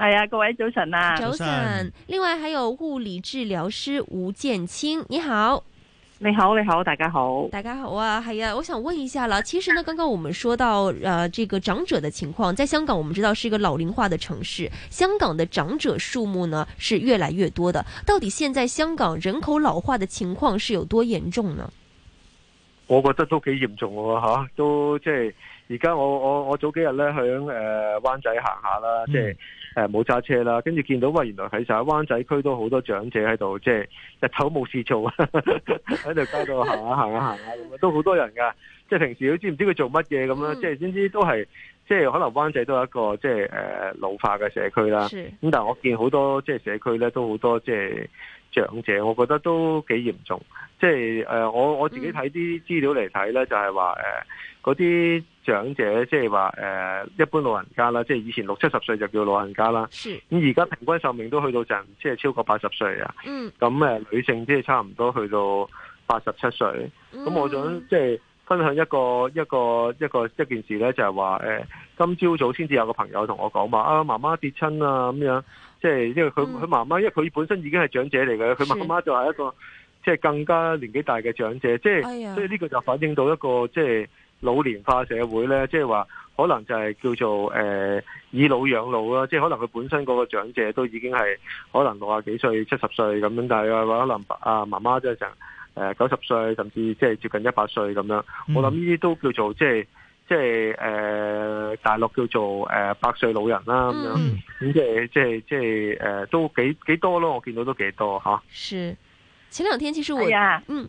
係啊，各位早晨啊，早晨。另外還有物理治療師吳劍青，你好，你好，你好，大家好，大家好啊，係啊。我想問一下啦，其實呢，剛剛我們說到，呃這個長者的情況，在香港我們知道是一個老齡化的城市，香港的長者數目呢是越來越多的。到底現在香港人口老化的情況是有多嚴重呢？我覺得都幾嚴重啊，吓，都即係而家我我我早幾日咧響誒灣仔行下啦，即係。嗯誒，冇揸車啦，跟住見到喂，原來喺晒灣仔區都好多長者喺度，即係日頭冇事做，喺度街道行下行下行下， [laughs] 都好多人噶。即係平時都知唔知佢做乜嘢咁樣？即係總之都係，即係可能灣仔都係一個即係誒、呃、老化嘅社區啦。咁是但係我見好多即係社區咧，都好多即係長者，我覺得都幾嚴重。即係誒、呃，我我自己睇啲資料嚟睇咧，就係話誒。呃嗰啲長者即係話誒，一般老人家啦，即係以前六七十歲就叫老人家啦。咁而家平均壽命都去到即係超過八十歲啊。咁，嗯，誒女性即係差唔多去到八十七歲。咁、嗯、我想即係分享一個一個一個一件事咧，就係話誒，今朝早先至有個朋友同我講話啊，媽媽跌親啊咁樣，即係因為佢佢、嗯、媽媽，因為佢本身已經係長者嚟嘅，佢媽媽就係一個即係更加年紀大嘅長者，即係，哎呀，所以呢個就反映到一個即係。老年化社會咧，即係話可能就係叫做誒、呃、以老養老啦，即係可能佢本身嗰個長者都已經係可能六啊幾歲、七十歲咁樣，但係嘅話可能阿媽媽即係成誒九十歲，甚至即係接近一百歲咁樣。我諗呢啲都叫做即係即係誒大陸叫做誒、呃、百歲老人啦咁樣。咁、嗯、即係即係即係誒都幾幾多咯？我見到都幾多嚇。是，前兩天其實會嗯。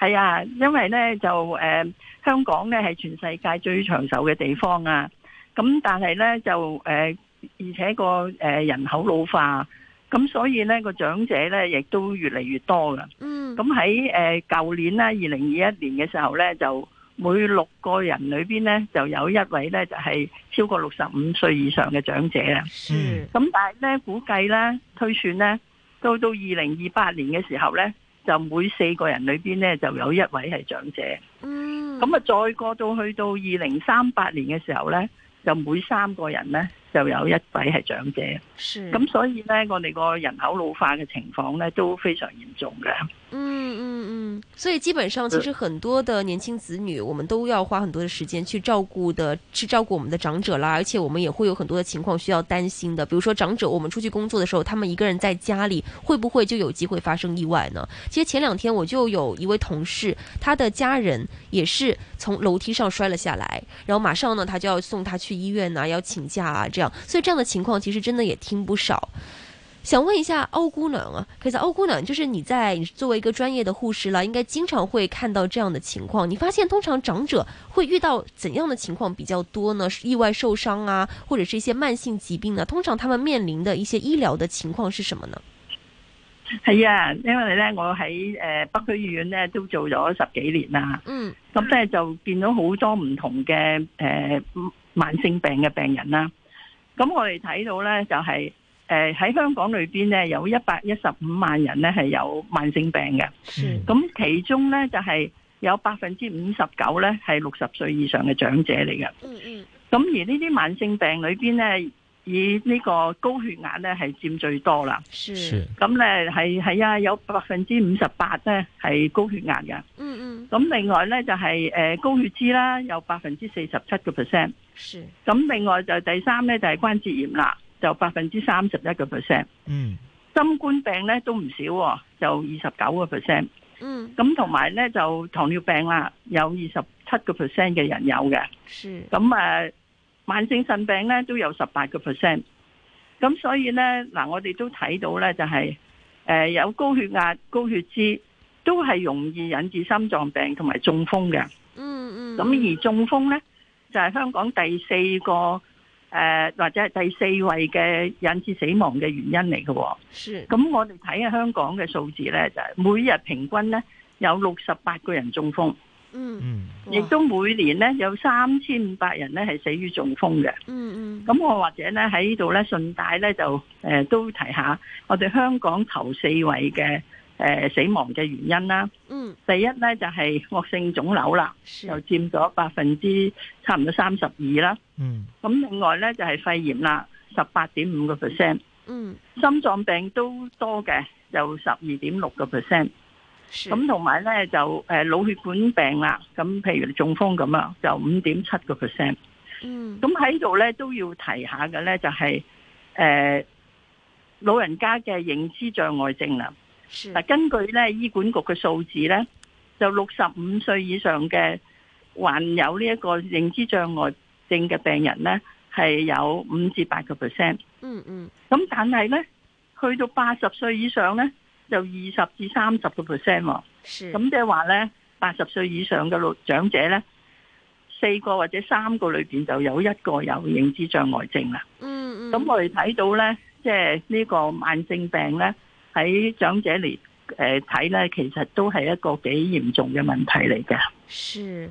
係啊，因為咧就誒、呃，香港咧係全世界最長壽嘅地方啊。咁但係咧就誒、呃，而且個誒、呃、人口老化，咁所以咧個長者咧亦都越嚟越多噶。嗯。咁喺誒舊年咧二零二一年嘅時候咧，就每六個人裏邊咧就有一位咧就係超過六十五歲以上嘅長者啊。嗯。咁但係咧估計咧推算咧，到到二零二八年嘅時候咧。就每四個人裏邊咧，就有一位係長者。嗯，咁啊，再過到去到二零三八年嘅時候咧，就每三個人咧，就有一位係長者，咁是所以呢，我哋個人口老化嘅情況呢都非常嚴重嘅。嗯嗯嗯，所以基本上，其實很多的年輕子女，嗯、我們都要花很多的時間去照顧的，去照顧我們的長者啦。而且我們也會有很多的情況需要擔心的，比如說長者，我們出去工作的時候，他們一個人在家裏，會不會就有機會發生意外呢？其實前兩天我就有一位同事，他的家人也是從樓梯上摔了下來，然後馬上呢，他就要送他去醫院啊，要請假啊。所以這樣的情況其實真的也聽不少，想問一下區姑娘啊，可是區姑娘，就是你在你作為一個專業的護士啦，應該經常會看到這樣的情況。你發現通常長者會遇到怎樣的情況比較多呢？意外受傷啊，或者是一些慢性疾病呢、啊？通常他們面臨的一些醫療的情況是什麼呢？係啊，因為呢，我喺誒、呃、北區醫院呢都做咗十幾年啦，嗯，咁呢就見到好多唔同嘅誒、呃、慢性病嘅病人啦。咁我哋睇到呢，就係誒喺香港裏邊呢，有一百一十五萬人呢係有慢性病嘅，咁的其中呢，就係、是、有百分之五十九呢係六十歲以上嘅長者嚟嘅，咁、嗯嗯、而呢啲慢性病裏邊呢。以呢個高血壓咧係佔最多啦，咁咧係係啊，有百分之五十八咧係高血壓嘅，嗯嗯，咁另外咧就係、是、誒、呃、高血脂啦，有百分之四十七個 percent，咁另外就第三咧就係關節炎啦，就百分之三十一個 percent，嗯，新冠病咧都唔少，啊，就二十九個 percent，嗯，咁同埋咧就糖尿病啦，有二十七個 percent 嘅人有嘅，咁誒是。那呃慢性腎病咧都有十八個 percent，咁所以咧嗱，我哋都睇到咧就係、是、誒、呃、有高血壓、高血脂都係容易引致心臟病同埋中風嘅。嗯嗯。咁而中風咧就係、是、香港第四個誒、呃、或者係第四位嘅引致死亡嘅原因嚟嘅。是。咁我哋睇下香港嘅數字咧，就係、是、每日平均咧有六十八個人中風。嗯，亦都每年咧有三千五百人咧係死於中風嘅、嗯。嗯嗯，咁我或者咧喺呢度咧順帶咧就誒、呃、都提下，我哋香港頭四位嘅誒、呃、死亡嘅原因啦。嗯，第一咧就係、是、惡性腫瘤的佔啦，又佔咗百分之差唔多三十二啦。嗯，咁另外咧就係肺炎啦，十八點五個 percent。嗯，心臟病都多嘅，就十二點六個 percent。咁同埋咧就誒腦、呃、血管病啦，咁譬如中風咁啊，就五點七個 percent。嗯，咁喺度咧都要提下嘅咧就係、是、誒、呃、老人家嘅認知障礙症啦。嗱是，根據咧醫管局嘅數字咧，就六十五歲以上嘅患有呢一個認知障礙症嘅病人咧，係有五至八個 percent。嗯嗯。咁但係咧，去到八十歲以上咧。就二十至三十個 percent，咁即係話呢，八十歲以上嘅老長者呢，四個或者三個裏邊就有一個有認知障礙症啦。嗯嗯，咁我哋睇到呢，即係呢個慢性病呢，喺長者嚟誒睇呢，其實都係一個幾嚴重嘅問題嚟嘅。是。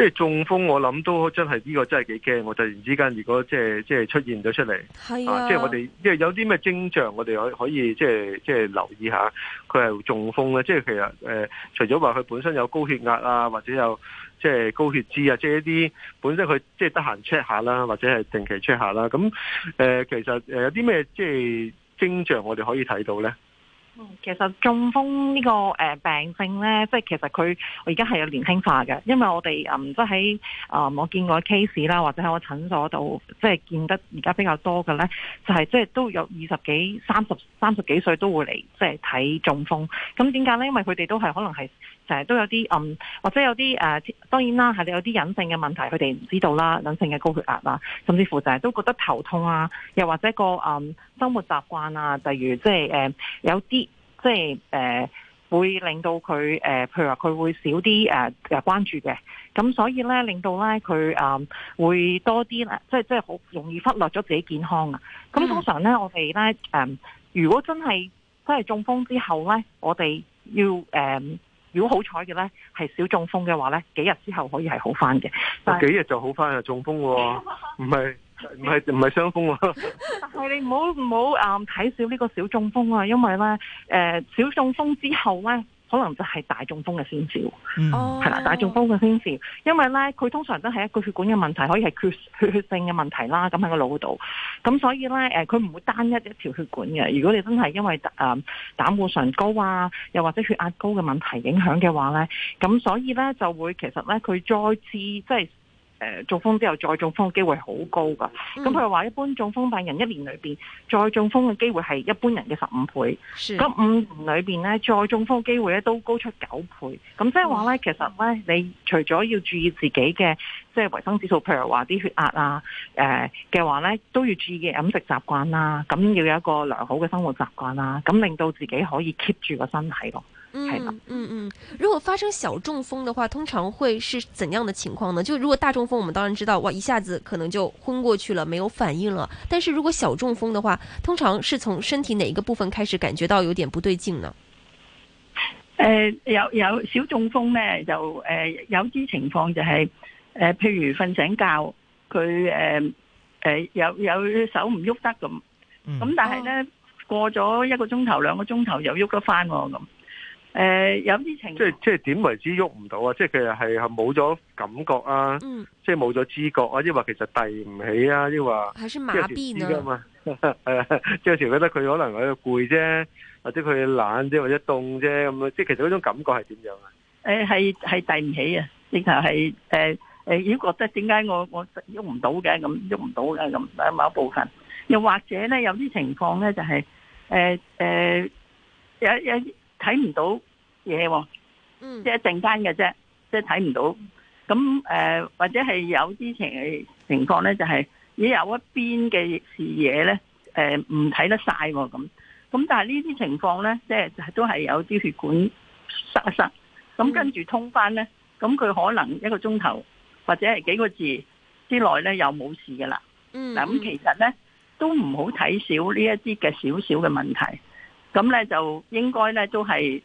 即係中風，我諗都真係呢、這個真係幾驚。我突然之間，如果即係即係出現咗出嚟，是啊，即係、啊就是、我哋即係有啲咩症狀，我哋可可以即係即係留意一下佢係中風咧。即、就、係、是、其實誒、呃，除咗話佢本身有高血壓啊，或者有即係、就是、高血脂啊，即、就、係、是、一啲本身佢即係得閒 check 下啦，或者係定期 check 下啦。咁、嗯、誒、呃，其實誒有啲咩即係症狀，就是、我哋可以睇到咧。其實中風呢個誒病症呢，即係其實佢而家係有年輕化嘅，因為我哋嗯即係啊我見過嘅 case 啦，或者喺我診所度即係見得而家比較多嘅呢，就係即係都有二十幾、三十、三十幾歲都會嚟即係睇中風。咁點解呢？因為佢哋都係可能係。誒都有啲嗯，或者有啲誒、呃，當然啦，係你有啲隱性嘅問題，佢哋唔知道啦，隱性嘅高血壓啦，甚至乎就係都覺得頭痛啊，又或者個嗯生活習慣啊，例如即係誒有啲即係誒會令到佢誒、呃，譬如話佢會少啲誒誒關注嘅，咁所以咧令到咧佢嗯會多啲咧，即係即係好容易忽略咗自己健康啊。咁通常咧，嗯、我哋咧誒，如果真係真係中風之後咧，我哋要誒。呃如果好彩嘅呢，係小中風嘅話呢，幾日之後可以係好翻嘅。但幾日就好翻啊？中風喎？唔係唔係唔係傷風喎？ [laughs] 但係你唔好唔好睇少呢個小中風啊，因為呢，誒、呃，小中風之後呢。可能就係大中風嘅先兆，係啦、嗯，大中風嘅先兆，因為咧佢通常都係一個血管嘅問題，可以係缺血、血性嘅問題啦，咁喺個腦度，咁所以咧誒，佢、呃、唔會單一一條血管嘅，如果你真係因為誒、呃、膽固醇高啊，又或者血壓高嘅問題影響嘅話咧，咁所以咧就會其實咧佢再次即係誒、呃、中風之後再中風機會好高噶，咁佢話一般中風病人一年裏邊再中風嘅機會係一般人嘅十五倍，咁是五年裏邊咧再中風機會咧都高出九倍，咁即係話咧其實咧，你除咗要注意自己嘅即係維生指數，譬如話啲血壓啊，誒、呃、嘅話咧都要注意嘅飲食習慣啦，咁要有一個良好嘅生活習慣啦，咁令到自己可以 keep 住個身體咯。嗯嗯嗯，如果發生小中風的話，通常會是怎樣的情況呢？就如果大中風，我們當然知道，哇，一下子可能就昏過去了，沒有反應了。但是如果小中風的話，通常是從身體哪一個部分開始感覺到有點不對勁呢？誒、呃，有有小中風呢就誒、呃、有啲情況就係、是、誒、呃，譬如瞓醒覺，佢誒誒有有手唔喐得咁，咁但係呢、嗯、過咗一個鐘頭、兩個鐘頭又喐得翻喎咁。誒、呃，有啲情況，即係即係點為之喐唔到啊？即係其實係係冇咗感覺啊，嗯、即係冇咗知覺啊，抑或其實遞唔起啊，抑或還是麻痹呢？係啊，即係有時覺得佢可能佢攰啫，或者佢懶啫，或者凍啫咁啊，即係其實嗰種感覺係點樣啊？誒、呃，係係遞唔起啊，直頭係誒誒，如、呃、果、呃、覺得點解我我喐唔到嘅，咁喐唔到嘅咁，某一部分。又或者咧，有啲情況咧就係誒誒有有。有有睇唔到嘢，嗯、就是，即係一陣間嘅啫，即係睇唔到。咁誒、呃，或者係有啲情情況咧，就係、是、你有一邊嘅視野咧，誒、呃，唔睇得晒喎咁。咁但係呢啲情況咧，即、就、係、是、都係有啲血管塞一塞，咁跟住通返咧，咁佢、嗯、可能一個鐘頭或者係幾個字之內咧，又冇事噶啦。嗯，嗱，咁其實咧都唔好睇少呢一啲嘅少少嘅問題。咁咧就應該咧都係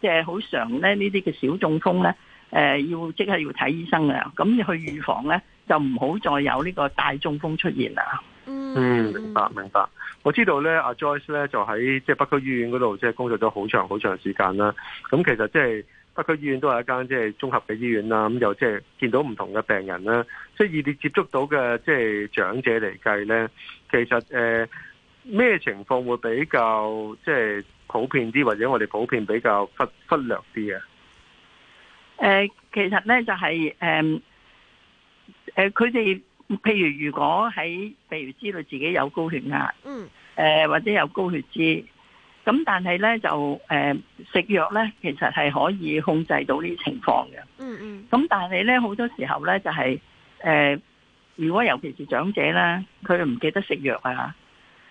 即係好常咧呢啲嘅小中風咧，誒、呃、要即係要睇醫生啊！咁去預防咧，就唔好再有呢個大中風出現啦。嗯，明白明白。我知道咧，阿、啊、Joyce 咧就喺即係北區醫院嗰度即係工作咗好長好長時間啦。咁其實即係北區醫院都係一間即係綜合嘅醫院啦。咁又即係見到唔同嘅病人啦，即係以你接觸到嘅即係長者嚟計咧，其實誒、呃咩情況會比較即係、就是、普遍啲，或者我哋普遍比較忽忽略啲啊？誒、呃，其實咧就係誒誒，佢、呃、哋、呃、譬如如果喺譬如知道自己有高血壓，嗯、呃，誒或者有高血脂，咁但係咧就誒、呃、食藥咧，其實係可以控制到這些情況呢情況嘅。嗯嗯，咁但係咧好多時候咧就係、是、誒，如、呃、果尤其是長者咧，佢唔記得食藥啊。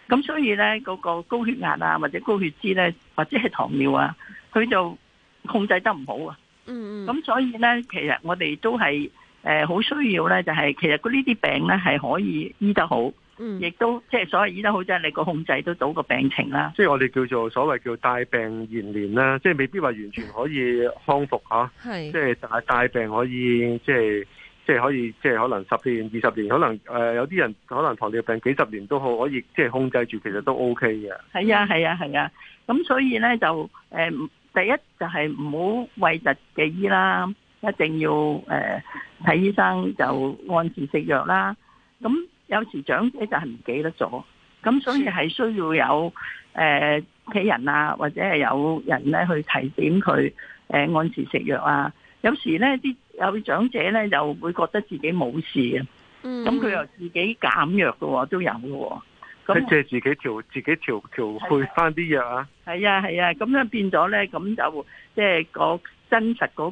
咁所以咧，嗰、嗰個高血壓啊，或者高血脂咧，或者係糖尿啊，佢就控制得唔好啊。嗯嗯、mm。咁、hmm. 所以咧，其實我哋都係誒，好、呃、需要咧、就係，就係其實佢呢啲病咧係可以醫得好。嗯、mm。亦、hmm. 都即係所謂醫得好就即，即係你個控制得到個病情啦。即係我哋叫做所謂叫帶病延年啦，即係未必話完全可以康復吓。係、mm hmm. 啊。即係但係帶病可以即係。即係可以，即係可能十年、二十年，可能誒、呃、有啲人可能糖尿病幾十年都好，可以，即係控制住，其實都 O K 嘅。係啊，係啊，係啊。咁、啊、所以咧就誒、呃，第一就係唔好諱疾忌醫啦，一定要誒睇、呃、醫生，就按時食藥啦。咁有時長者就係唔記得咗，咁所以係需要有誒屋、呃、企人啊，或者係有人咧去提醒佢誒按時食藥啊。有時咧啲。有長者咧，就會覺得自己冇事啊，咁佢、嗯、又自己減藥嘅喎，都有嘅喎，咁即係自己調自己調就配翻啲藥啊。係啊係啊，咁咧、啊啊、變咗咧，咁就即係個真實嗰、嗰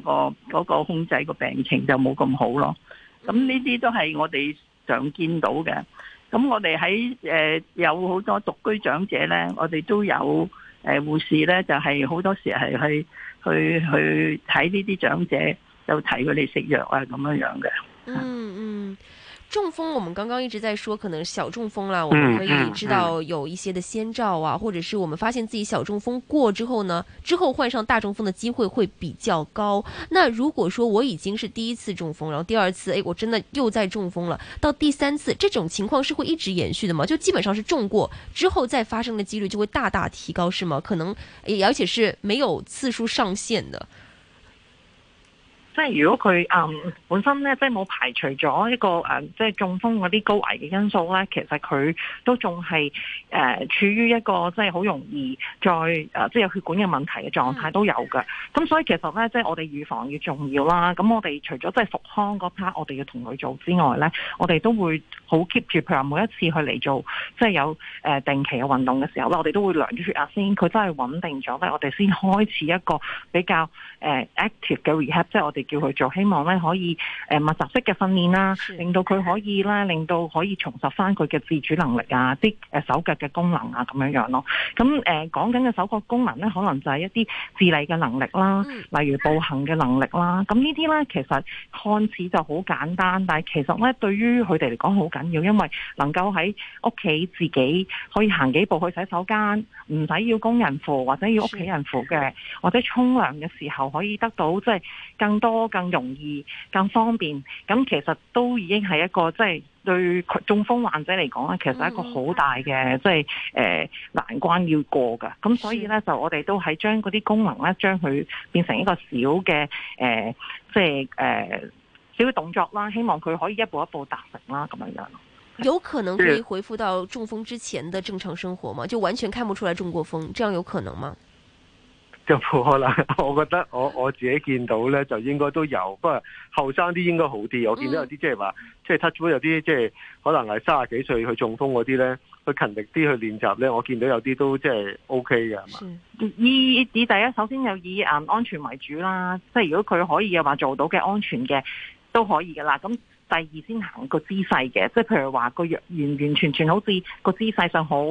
個嗰個控制個病情就冇咁好咯。咁呢啲都係我哋常見到嘅。咁我哋喺誒有好多獨居長者咧，我哋都有誒、呃、護士咧，就係、是、好多時係去去去睇呢啲長者。就睇佢哋食藥啊，咁樣樣嘅。嗯嗯，中風，我們剛剛一直在說，可能小中風啦，我們可以知道有一些的先兆啊，嗯嗯、或者是我們發現自己小中風過之後呢，之後患上大中風的機會會比較高。那如果說我已經是第一次中風，然後第二次，誒、哎，我真的又再中風了，到第三次，這種情況是會一直延續的嗎？就基本上是中過之後再發生的幾率就會大大提高，是嗎？可能也而且、哎、是沒有次數上限的。即係如果佢嗯本身咧，即係冇排除咗一個、呃、即係中風嗰啲高危嘅因素咧，其實佢都仲係誒處於一個即係好容易再、呃、即係有血管嘅問題嘅狀態都有嘅。咁所以其實咧，即係我哋預防要重要啦。咁我哋除咗即係復康嗰 part，我哋要同佢做之外咧，我哋都會好 keep 住，譬如每一次去嚟做即係有定期嘅運動嘅時候咧，我哋都會量血壓先。佢真係穩定咗咧，我哋先開始一個比較誒、呃、active 嘅 rehab，即係我哋。叫佢做，希望咧可以誒、呃、密集式嘅訓練啦，令到佢可以咧，令到可以重拾翻佢嘅自主能力啊，即誒手腳嘅功能啊，咁樣樣咯。咁誒講緊嘅手腳功能咧，可能就係一啲自理嘅能力啦、啊，例如步行嘅能力啦。咁、啊、呢啲咧其實看似就好簡單，但係其實咧對於佢哋嚟講好緊要，因為能夠喺屋企自己可以行幾步去洗手間，唔使要工人扶或者要屋企人扶嘅，或者沖涼嘅時候可以得到即係更多。更容易、更方便，咁其實都已經係一個即係對中風患者嚟講啊，其實係一個好大嘅即係誒難關要過噶。咁所以咧，就我哋都係將嗰啲功能咧，將佢變成一個小嘅誒，即係誒小嘅動作啦。希望佢可以一步一步達成啦，咁樣樣。有可能可以回復到中風之前的正常生活嘛？就完全看不出來中過風，這樣有可能嗎？就冇可能，我覺得我我自己見到咧，就應該都有。不過後生啲應該好啲，我見到有啲、嗯、即係話，即係 touch 有啲即係可能係卅幾歲去中風嗰啲咧，去勤力啲去練習咧，我見到有啲都即係 O K 嘅，嘛、嗯？以第一，首先就以安全為主啦。即係如果佢可以嘅話做到嘅安全嘅都可以嘅啦。咁第二先行個姿勢嘅，即係譬如話個完完完全全好似個姿勢上好。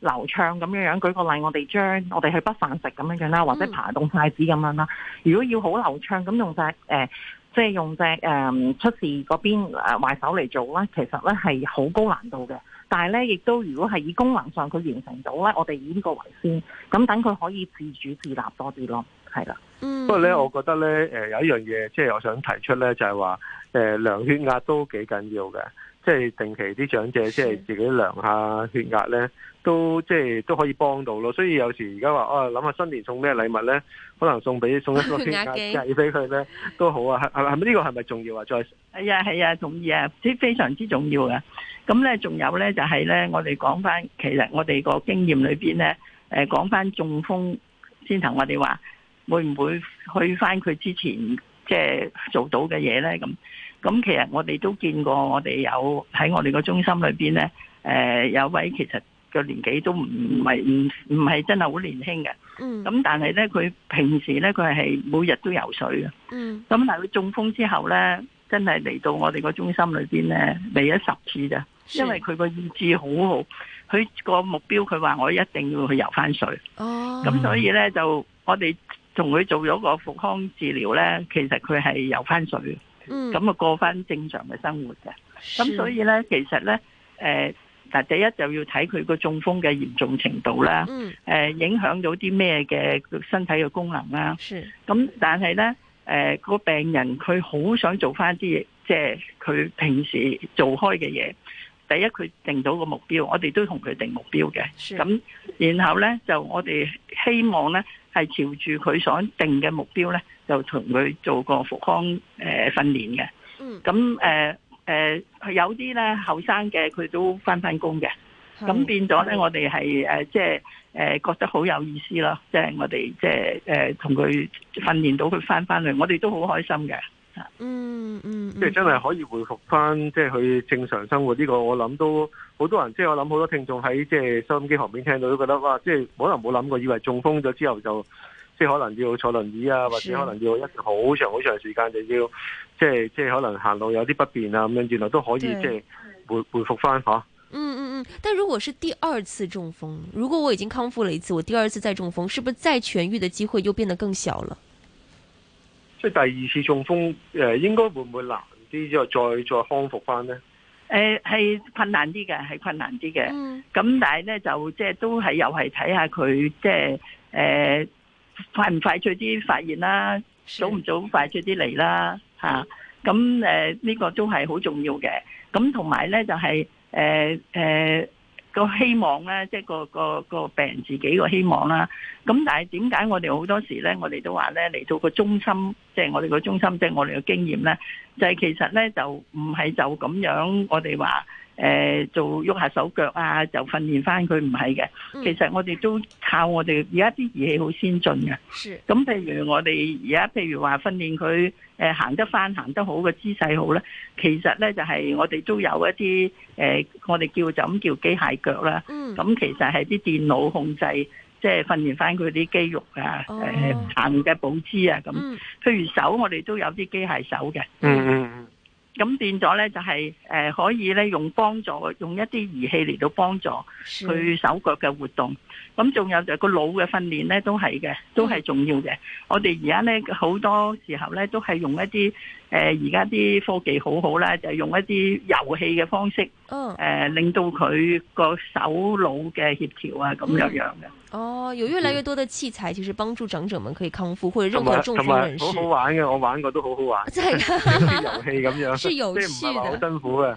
流暢咁樣樣，舉個例，我哋將我哋去不飯食咁樣樣啦，或者爬動筷子咁樣啦。如果要好流暢，咁用隻誒，即係用隻誒出事嗰邊誒壞手嚟做咧，其實咧係好高難度嘅。但係咧，亦都如果係以功能上佢完成到咧，我哋以呢個為先，咁等佢可以自主自立多啲咯。係啦，嗯。不過咧，我覺得咧，誒有一樣嘢，即係我想提出咧，就係話，誒量血壓都幾緊要嘅。即係定期啲長者，即係自己量下血壓咧，的都即係都可以幫到咯。所以有時而家話啊，諗下新年送咩禮物咧，可能送俾送，送一個血壓計俾佢咧，都好啊，係咪呢個係咪重要啊？再係啊係啊，重要啊，即非常之重要嘅。咁咧，仲有咧，就係咧，我哋講翻，其實我哋個經驗裏邊咧，誒，講翻中風，先頭我哋話會唔會去翻佢之前即係做到嘅嘢咧？咁。咁其實我哋都見過，我哋有喺我哋個中心裏面咧，誒、呃、有位其實個年紀都唔係唔唔係真係好年輕嘅。嗯。咁但係咧，佢平時咧，佢係每日都游水嘅。嗯。咁但係佢中風之後咧，真係嚟到我哋個中心裏面咧，嚟咗十次咋。是因為佢個意志好好，佢個目標，佢話我一定要去游翻水。哦。咁所以咧、嗯、就我哋同佢做咗個復康治療咧，其實佢係游翻水。咁啊，嗯、過翻正常嘅生活嘅。咁所以咧，其實咧，誒，嗱，第一就要睇佢個中風嘅嚴重程度啦。誒、嗯呃，影響到啲咩嘅身體嘅功能啦。咁是、嗯、但係咧，誒、呃，個病人佢好想做翻啲，即係佢平時做開嘅嘢。第一，佢定到個目標，我哋都同佢定目標嘅。咁的，然後咧就我哋希望咧係朝住佢想定嘅目標咧，就同佢做個復康、呃、訓練嘅。嗯。咁誒誒，有啲咧後生嘅佢都翻返工嘅。咁的變咗咧，的我哋係即係誒覺得好有意思咯。即係我哋即係誒同佢訓練到佢翻返去，我哋都好開心嘅。嗯嗯，即、嗯、係、嗯、真係可以回復翻，即、就、係、是、去正常生活呢，這個我，我諗都好多人，即、就、係、是、我諗好多聽眾喺即係收音機旁邊聽到都覺得哇，即係可能冇諗過，以為中風咗之後就即係、就是、可能要坐輪椅啊，或者可能要一段好長好長時間就要即係即係可能行路有啲不便啊咁樣，原來都可以即係對回復回復翻吓。嗯嗯嗯，但如果是第二次中風，如果我已經康復了一次，我第二次再中風，是不是再痊愈的機會就變得更小了？即係第二次中風，誒應該會唔會難啲，之後再再康復翻呢？誒係、呃、困難啲嘅，係困難啲嘅。咁、嗯、但係呢，就即係都係又係睇下佢即係誒快唔快脆啲發現啦，是早唔早快脆啲嚟啦嚇。咁誒呢個都係好重要嘅。咁同埋呢，就係誒誒。呃呃個希望咧，即係個個個病人自己個希望啦。咁但係點解我哋好多時咧，我哋都話咧嚟到個中心，即係我哋個中心，即係我哋個經驗咧，就係其實咧就唔係就咁樣，我哋話。誒、呃、做喐下手腳啊，就訓練翻佢唔係嘅。嗯、其實我哋都靠我哋而家啲儀器好先進嘅。咁是譬如我哋而家譬如話訓練佢，呃、行得翻、行得好嘅姿勢好呢，其實呢就係我哋都有一啲誒、呃，我哋叫就咁叫機械腳啦。咁、嗯、其實係啲電腦控制，即、就、係、是、訓練翻佢啲肌肉啊，誒行嘅步姿啊咁。嗯、譬如手，我哋都有啲機械手嘅。嗯。嗯咁變咗咧，就係誒可以咧用幫助，用一啲儀器嚟到幫助佢手腳嘅活動。咁仲有就個腦嘅訓練咧，都係嘅，都係重要嘅。我哋而家咧好多時候咧，都係用一啲。誒，而家啲科技好好啦，就係，用一啲遊戲嘅方式，誒、嗯呃，令到佢個手腦嘅協調啊，咁樣樣、嗯。哦，有越來越多嘅器材，其實幫助長者們可以康復，或者任何中年人士好好玩嘅，我玩過都好好玩嘅。即係嘅，好似遊戲咁樣， [laughs] 是有即係唔係話好辛苦嘅。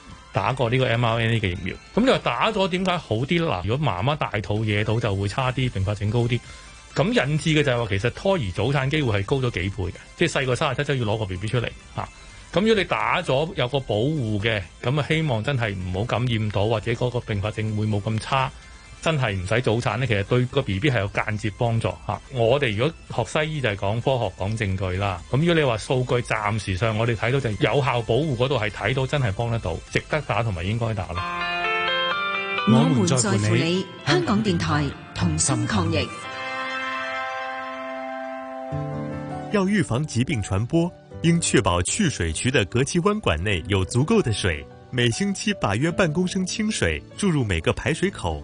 打過呢個 mRNA 嘅疫苗，咁你話打咗點解好啲啦？如果媽媽大肚野到就會差啲，併發症高啲。咁引致嘅就係話其實胎兒早產機會係高咗幾倍嘅，即係細個三十七周要攞個 B B 出嚟嚇。咁如果你打咗有個保護嘅，咁啊希望真係唔好感染到，或者嗰個併發症會冇咁差。真係唔使早產呢，其實對個 B B 係有間接幫助吓。我哋如果學西醫就係講科學講證據啦。咁如果你話數據暫時上，我哋睇到就有效保護嗰度係睇到真係幫得到，值得打同埋應該打咯。我們在乎你，香港電台同心抗疫。要預防疾病傳播，應確保去水渠的隔氣彎管內有足夠的水，每星期把約半公升清水注入每個排水口。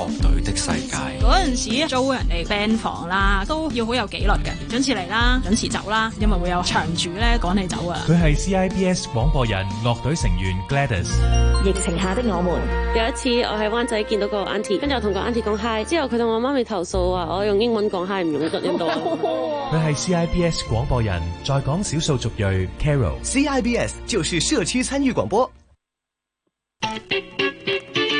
樂隊的世界，嗰陣時租人哋 band 房啦，都要好有紀律嘅，準時嚟啦，準時走啦，因為會有場主咧趕你走啊。佢係 CIBS 廣播人，樂隊成員 Gladys。疫情下的我們，有一次我喺灣仔見到個 Auntie，跟住我同個 Auntie 講 hi，之後佢同我媽咪投訴啊。我用英文講 hi 唔用得到。佢係 CIBS 廣播人，在講少數族裔 Carol。CIBS 就是社區參與廣播。 [music]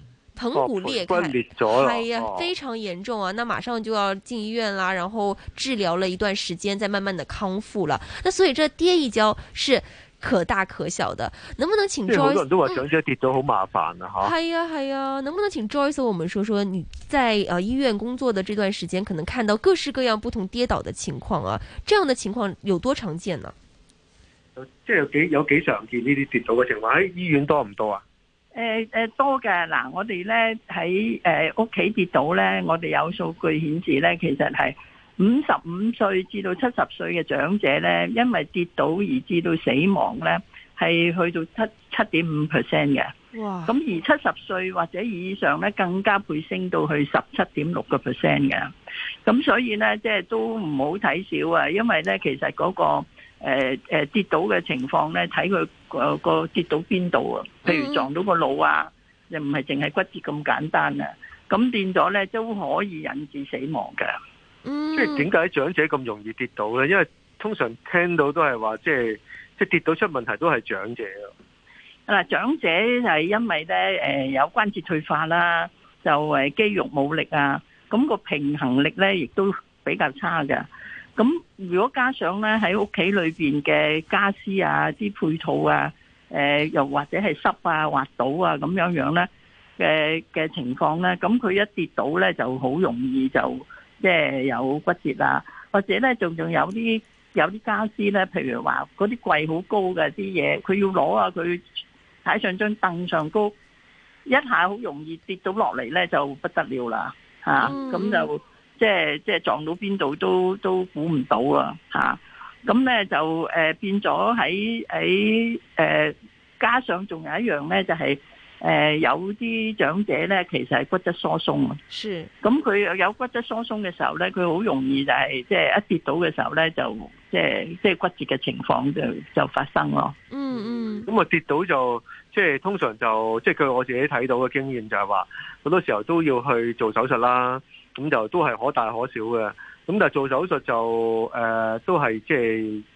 盆骨裂開，裂咗，係呀、啊，哦、非常嚴重啊！那馬上就要進醫院啦，然後治療了一段時間，再慢慢的康復了。那所以這跌一跤是可大可小的，能不能請 Joyce？有人都話，長者跌倒好麻煩啊！哈、嗯，係呀係呀，能不能請 Joyce？我們說說你在呃醫院工作的這段時間，可能看到各式各樣不同跌倒的情況啊，這樣的情況有多常見呢？即係有、就是、有幾有幾常見呢？呢啲跌倒嘅情況喺醫院多唔多啊？誒誒、呃呃、多嘅嗱，我哋咧喺誒屋企跌倒咧，我哋有數據顯示咧，其實係五十五歲至到七十歲嘅長者咧，因為跌倒而至到死亡咧，係去到七七點五 percent 嘅。咁哇而七十歲或者以上咧，更加倍升到去十七點六個 percent 嘅。咁所以咧，即係都唔好睇少啊，因為咧，其實嗰、那個。誒誒、呃呃、跌倒嘅情況咧，睇佢個跌到邊度啊？譬如撞到個腦啊，又唔係淨係骨折咁簡單啊！咁變咗咧，都可以引致死亡嘅。嗯，即係點解長者咁容易跌倒咧？因為通常聽到都係話，即係即係跌倒出問題都係長者咯。嗱，長者係因為咧，誒、呃、有關節退化啦，就誒肌肉冇力啊，咁、個平衡力咧亦都比較差嘅。咁如果加上咧喺屋企裏邊嘅家私啊、啲配套啊、誒又或者係濕啊、滑倒啊咁樣樣咧嘅嘅情況咧，咁佢一跌倒咧就好容易就即係有骨折啦，或者咧仲仲有啲有啲家私咧，譬如話嗰啲櫃好高嘅啲嘢，佢要攞啊，佢踩上張凳上高，一下好容易跌倒落嚟咧就不得了啦，吓咁就。即係即係撞到邊度都都估唔到啊！吓咁咧就誒、呃、變咗喺喺誒加上仲有一樣咧就係、是、誒、呃、有啲長者咧其實係骨質疏鬆啊。咁佢是、嗯、有骨質疏鬆嘅時候咧，佢好容易就係、是、即係一跌倒嘅時候咧，就即係即係骨折嘅情況就就發生咯、嗯。嗯嗯。咁啊跌倒就即係通常就即係據我自己睇到嘅經驗就係話好多時候都要去做手術啦。咁就都係可大可小嘅，咁但係做手術就誒、呃、都係即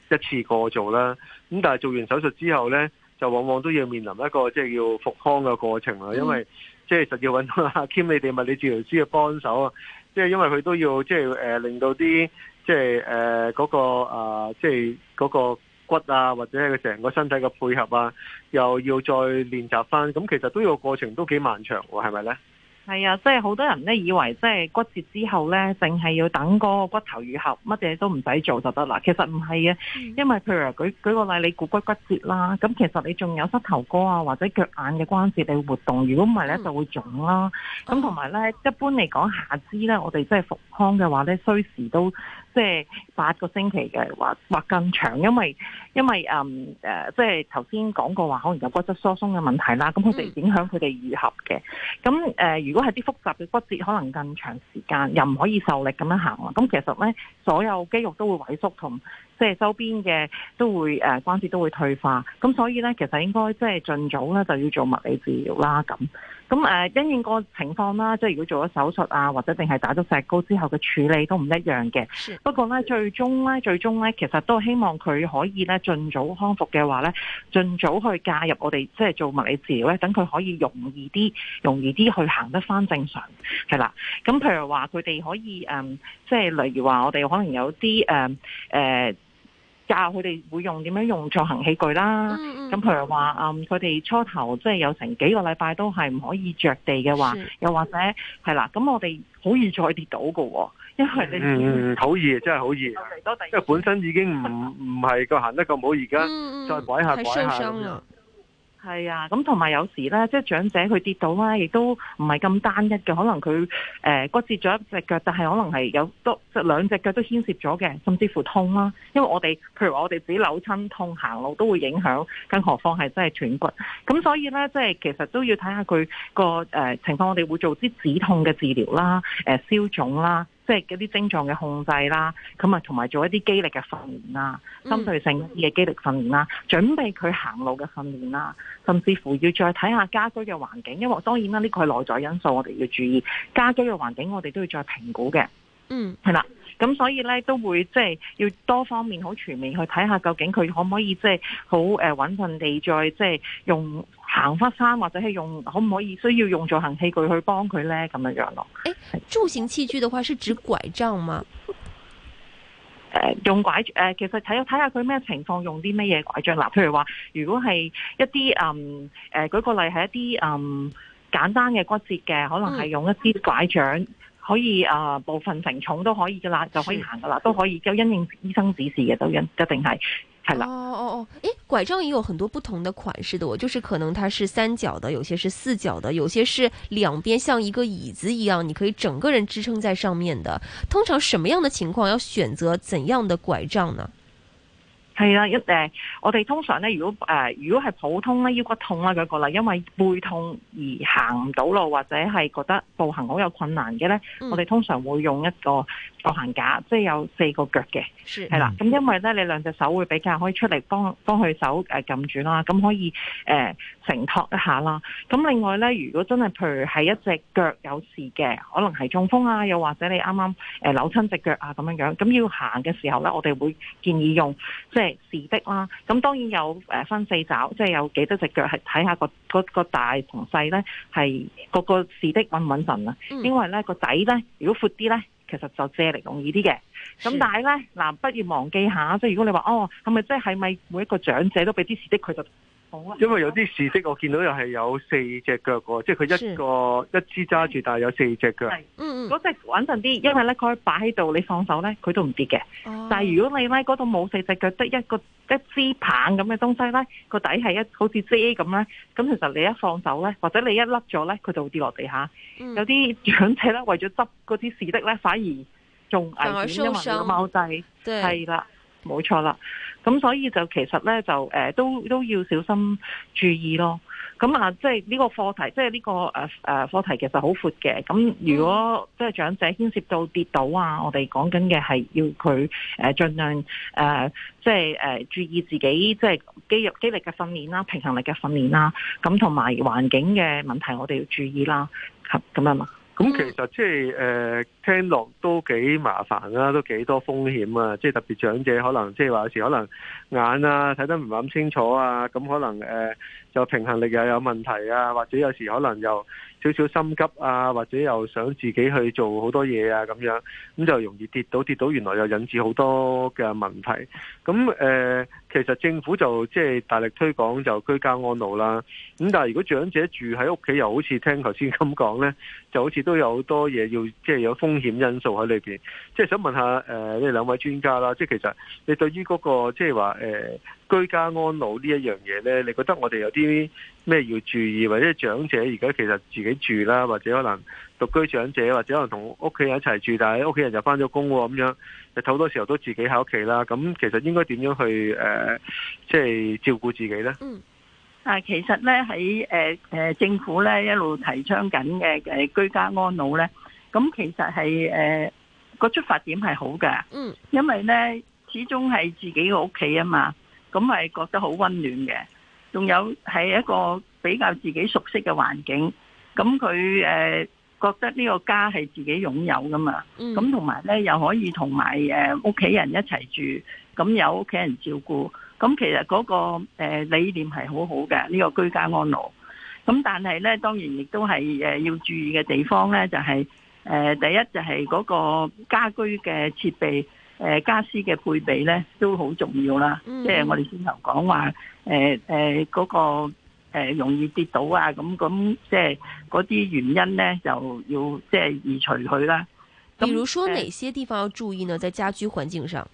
係一次過做啦。咁但係做完手術之後咧，就往往都要面臨一個即係要復康嘅過程啦。嗯、因為即係實要搵到阿 Kim 你哋物理治療師嘅幫手啊，即、就、係、是、因為佢都要即係誒令到啲即係誒嗰個啊即係嗰個骨啊，或者係佢成個身體嘅配合啊，又要再練習翻。咁其實都要過程，都幾漫長喎，係咪咧？係啊，即係好多人咧，以為即係骨折之後咧，淨係要等嗰個骨頭愈合，乜嘢都唔使做就得啦。其實唔係嘅，嗯、因為譬如舉舉個例，你股骨骨折啦，咁其實你仲有膝頭哥啊，或者腳眼嘅關節你活動，如果唔係咧就會腫啦。咁同埋咧，一般嚟講下肢咧，我哋即係復康嘅話咧，需時都。即係八個星期嘅，或或更長，因為因為誒誒、嗯呃，即係頭先講過話，可能有骨質疏鬆嘅問題啦，咁佢哋影響佢哋愈合嘅。咁誒、呃，如果係啲複雜嘅骨折，可能更長時間，又唔可以受力咁樣行啦。咁其實咧，所有肌肉都會萎縮同。即係周邊嘅都會誒、呃、關節都會退化，咁所以咧，其實應該即係盡早咧就要做物理治療啦。咁咁誒因應個情況啦，即係如果做咗手術啊，或者淨係打咗石膏之後嘅處理都唔一樣嘅。是不過咧最終咧最終咧其實都希望佢可以咧盡早康復嘅話咧，盡早去介入我哋即係做物理治療咧，等佢可以容易啲、容易啲去行得返正常係啦。咁譬如話佢哋可以誒、呃，即係例如話我哋可能有啲誒教佢哋會用點樣用助行器具啦，咁、嗯、譬如話啊，佢、嗯、哋初頭即係有成幾個禮拜都係唔可以着地嘅話，是又或者係啦，咁我哋好易再跌倒喎，哦，因為你好易、嗯，真係好易，因為本身已經唔唔係個行得咁好，而家、嗯、再拐下拐下係啊，咁同埋有時咧，即係長者佢跌到啦，亦都唔係咁單一嘅，可能佢誒、呃、骨折咗一隻腳，但係可能係有多即兩隻腳都牽涉咗嘅，甚至乎痛啦。因為我哋譬如我哋自己扭親痛，行路都會影響，更何況係真係斷骨。咁所以咧，即、就、係、是、其實都要睇下佢個誒情況，我哋會做啲止痛嘅治療啦、呃，消腫啦。即係嗰啲症狀嘅控制啦，咁啊同埋做一啲肌力嘅訓練啦，針對性嘅肌力訓練啦，準備佢行路嘅訓練啦，甚至乎要再睇下家居嘅環境，因為當然啦，呢個係內在因素，我哋要注意家居嘅環境，我哋都要再評估嘅。嗯，係啦，咁所以咧都會即係要多方面好全面去睇下，究竟佢可唔可以即係好誒穩陣地再即係用。行翻山或者係用，可唔可以需要用助行器具去幫佢呢？咁樣樣咯。誒，助行器具嘅話是指拐杖嗎？誒、呃，用拐，誒、呃，其實睇睇下佢咩情況，用啲咩嘢拐杖啦。譬、呃、如話，如果係一啲嗯誒，舉個例係一啲嗯簡單嘅骨折嘅，可能係用一啲拐杖，嗯、可以誒、呃、部分承重都可以噶啦，就可以行噶啦，是都可以。有因應醫生指示嘅就一定係。.哦哦哦，oh, oh, oh. 誒，拐杖也有很多不同的款式的，我就是可能它是三角的，有些是四角的，有些是兩邊像一個椅子一樣，你可以整個人支撐在上面的。通常什麼樣的情況要選擇怎樣的拐杖呢？係啦、啊，一、呃、誒，我哋通常咧，如果誒、呃、如果係普通咧腰骨痛啦嗰、那個啦，因為背痛而行唔到路或者係覺得步行好有困難嘅咧，嗯、我哋通常會用一個。步行架即係有四個腳嘅，係啦是。咁、嗯嗯、因為咧，你兩隻手會比較可以出嚟幫幫佢手誒撳、呃、住啦，咁、嗯、可以誒、呃、承托一下啦。咁、嗯、另外咧，如果真係譬如係一隻腳有事嘅，可能係中風啊，又或者你啱啱誒扭親隻腳啊咁樣樣，咁、嗯、要行嘅時候咧，我哋會建議用即係士的啦。咁、嗯、當然有誒分四爪，即係有幾多隻腳係睇下個個,個大同細咧，係個個士的穩唔穩陣啊？嗯、因為咧個底咧如果闊啲咧。其實就借嚟容易啲嘅，咁但係呢，嗱，不要忘記下，即係如果你話哦，係咪即係係咪每一個長者都俾啲事的佢就？因為有啲士的，我見到又係有四隻腳喎，即係佢一個是一支揸住，但係有四隻腳。嗯，嗰隻穩陣啲，因為咧佢可以擺喺度，你放手咧佢都唔跌嘅。哦、但係如果你咧嗰度冇四隻腳，得一個一支棒咁嘅東西咧，個底係一好似遮咁咧，咁其實你一放手咧，或者你一甩咗咧，佢就會跌落地下。嗯、有啲長者咧為咗執嗰啲士的咧，反而仲危險，因為有貓仔。係啦對。冇錯啦，咁所以就其實咧就誒、呃、都都要小心注意咯。咁啊，即係呢個課題，即係呢個誒誒課題，其實好闊嘅。咁如果即係、就是、長者牽涉到跌倒啊，我哋講緊嘅係要佢誒盡量誒即係誒注意自己，即、就、係、是、肌肉肌力嘅訓練啦、平衡力嘅訓練啦，咁同埋環境嘅問題，我哋要注意啦、啊。吓咁樣嘛。咁其實即係誒聽落都幾麻煩啦，都幾多風險啊！即係特別長者可能即係話有時可能眼啊睇得唔係咁清楚啊，咁可能誒，呃有就平衡力又有問題啊，或者有時可能又少少心急啊，或者又想自己去做好多嘢啊，咁樣咁就容易跌倒，跌倒原來又引致好多嘅問題。咁、呃、其實政府就即係、就是、大力推廣就居家安老啦。咁但係如果長者住喺屋企，又好似聽頭先咁講咧，就好似都有好多嘢要，即、就、係、是、有風險因素喺裏邊。即、就、係、是、想問下誒，呢、呃、兩位專家啦，即、就、係、是、其實你對於嗰、那個即係話誒，就是居家安老呢一樣嘢呢，你覺得我哋有啲咩要注意，或者長者而家其實自己住啦，或者可能獨居長者，或者可能同屋企人一齊住，但係屋企人就返咗工咁樣，好多時候都自己喺屋企啦。咁其實應該點樣去誒，即係照顧自己呢？嗯，啊，其實呢，喺政府呢一路提倡緊嘅誒居家安老呢，咁其實係誒個出發點係好噶。嗯，因為呢，始終係自己個屋企啊嘛。咁係覺得好溫暖嘅，仲有係一個比較自己熟悉嘅環境。咁佢誒覺得呢個家係自己擁有噶嘛。咁同埋咧又可以同埋屋企人一齊住，咁有屋企人照顧。咁其實嗰個理念係好好嘅，呢個居家安樂。咁但係咧當然亦都係要注意嘅地方咧、就係，就、呃、係第一就係嗰個家居嘅設備。誒，家私嘅配備咧都好重要啦，即係我哋先頭講話，誒誒嗰個誒容易跌倒啊，咁、嗯、咁即係嗰啲原因咧就要即係移除佢啦。比如說哪些地方要注意呢？呃、在家居環境上，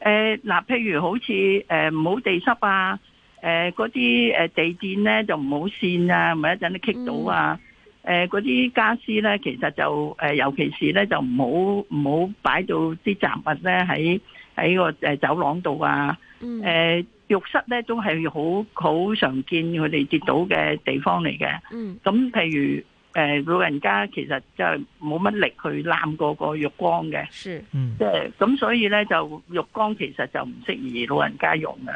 誒嗱、呃呃，譬如好似誒唔好地濕啊，誒嗰啲誒地墊咧就唔好線啊，咪一陣都棘到啊。嗯誒，嗰啲家私咧，其實就誒、呃，尤其是咧，就唔好唔好擺到啲雜物咧喺喺個誒走廊度啊。嗯。誒、呃，浴室咧都係好好常見佢哋跌倒嘅地方嚟嘅。嗯。咁譬如誒、呃，老人家其實就係冇乜力去攬過個浴缸嘅。是。嗯、呃。即係咁，所以咧就浴缸其實就唔適宜老人家用嘅。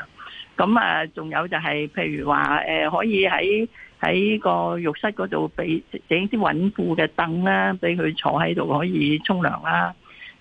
咁啊，仲有就係、是、譬如話誒、呃，可以喺。喺個浴室嗰度俾整啲穩固嘅凳啦，俾佢坐喺度可以沖涼啦。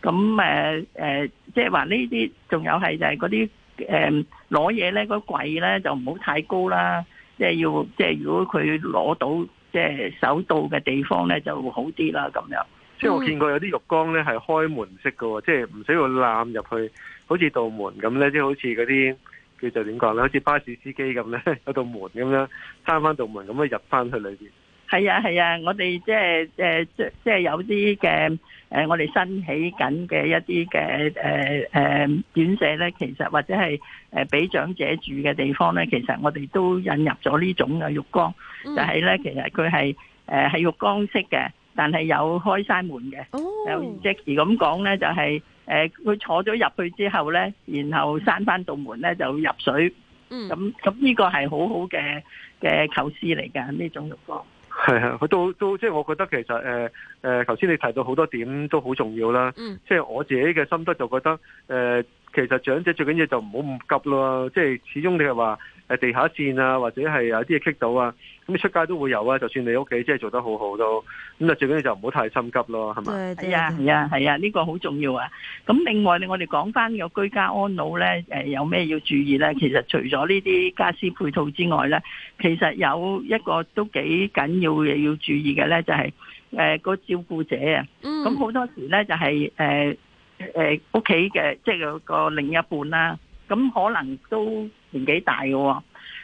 咁誒誒，即係話呢啲，仲有係就係嗰啲誒攞嘢咧，嗰櫃咧就唔好太高啦。即係要，即係如果佢攞到，即係手到嘅地方咧就好啲啦。咁樣。即係我見過有啲浴缸咧係開門式㗎喎，即係唔使要攬入去，好似道門咁咧，即係好似嗰啲。佢就點講咧？好似巴士司機咁咧， [laughs] 有道門咁樣閂翻道門咁去入翻去裏邊。係啊係啊，我哋即係誒即即係有啲嘅誒，我哋新起緊嘅一啲嘅誒誒院舍咧，其實或者係誒俾長者住嘅地方咧，其實我哋都引入咗呢種嘅浴缸，就係、是、咧其實佢係誒係浴缸式嘅，但係有開晒門嘅。即 j a c 咁講咧，就係、是。誒，佢、呃、坐咗入去之後呢，然後閂翻道門呢，就入水，咁咁呢個係好好嘅嘅構思嚟㗎，呢種情況。係係，佢都都即係，就是、我覺得其實誒誒，頭、呃、先、呃、你提到好多點都好重要啦，即係、嗯、我自己嘅心得就覺得誒。呃其實長者最緊要就唔好咁急咯，即係始終你係話誒地下線啊，或者係有啲嘢棘到啊，咁你出街都會有啊。就算你屋企即係做得好好都，咁啊最緊要就唔好太心急咯，係咪？係啊係啊係啊，呢、 [noise] 呢個好重要啊。咁另外我哋講翻個居家安老咧，誒、呃、有咩要注意咧？其實除咗呢啲家私配套之外咧，其實有一個都幾緊要嘅要注意嘅咧，就係、是、誒、呃那個照顧者啊。咁好多時咧就係、是、誒。呃誒，屋企嘅即係個另一半啦，咁可能都年紀大嘅，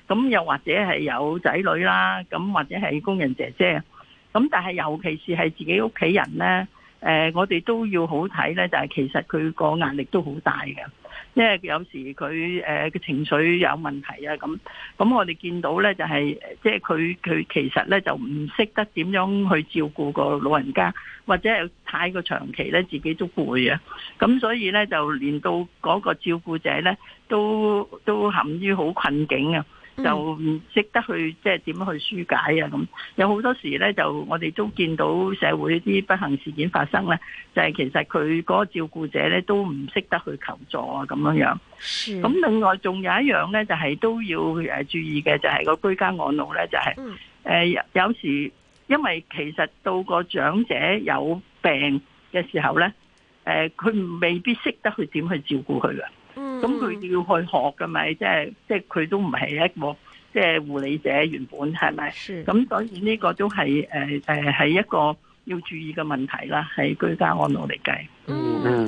咁又或者係有仔女啦，咁或者係工人姐姐，咁但係尤其是係自己屋企人呢，誒、呃，我哋都要好睇呢。就係其實佢個壓力都好大嘅。即係有時佢誒嘅情緒有問題啊，咁，咁我哋見到呢，就係，即係佢佢其實呢，就唔識得點樣去照顧個老人家，或者係太過長期呢，自己都攰啊，咁所以呢，就連到嗰個照顧者呢，都都陷於好困境啊。就唔識得去即係點樣去紓解啊！咁有好多時咧，就我哋都見到社會啲不幸事件發生咧，就係、是、其實佢嗰個照顧者咧都唔識得去求助啊！咁樣樣。咁另外仲有一樣咧，就係、是、都要誒注意嘅，就係、是、個居家安老咧，就係、是、誒、嗯呃、有時因為其實到個長者有病嘅時候咧，誒、呃、佢未必識得去點去照顧佢嘅。咁佢、嗯、要去學㗎咪，即係即係佢都唔係一個即係護理者原本係咪？咁是所以呢個都係誒誒係一個要注意嘅問題啦，係居家安老嚟計。嗯。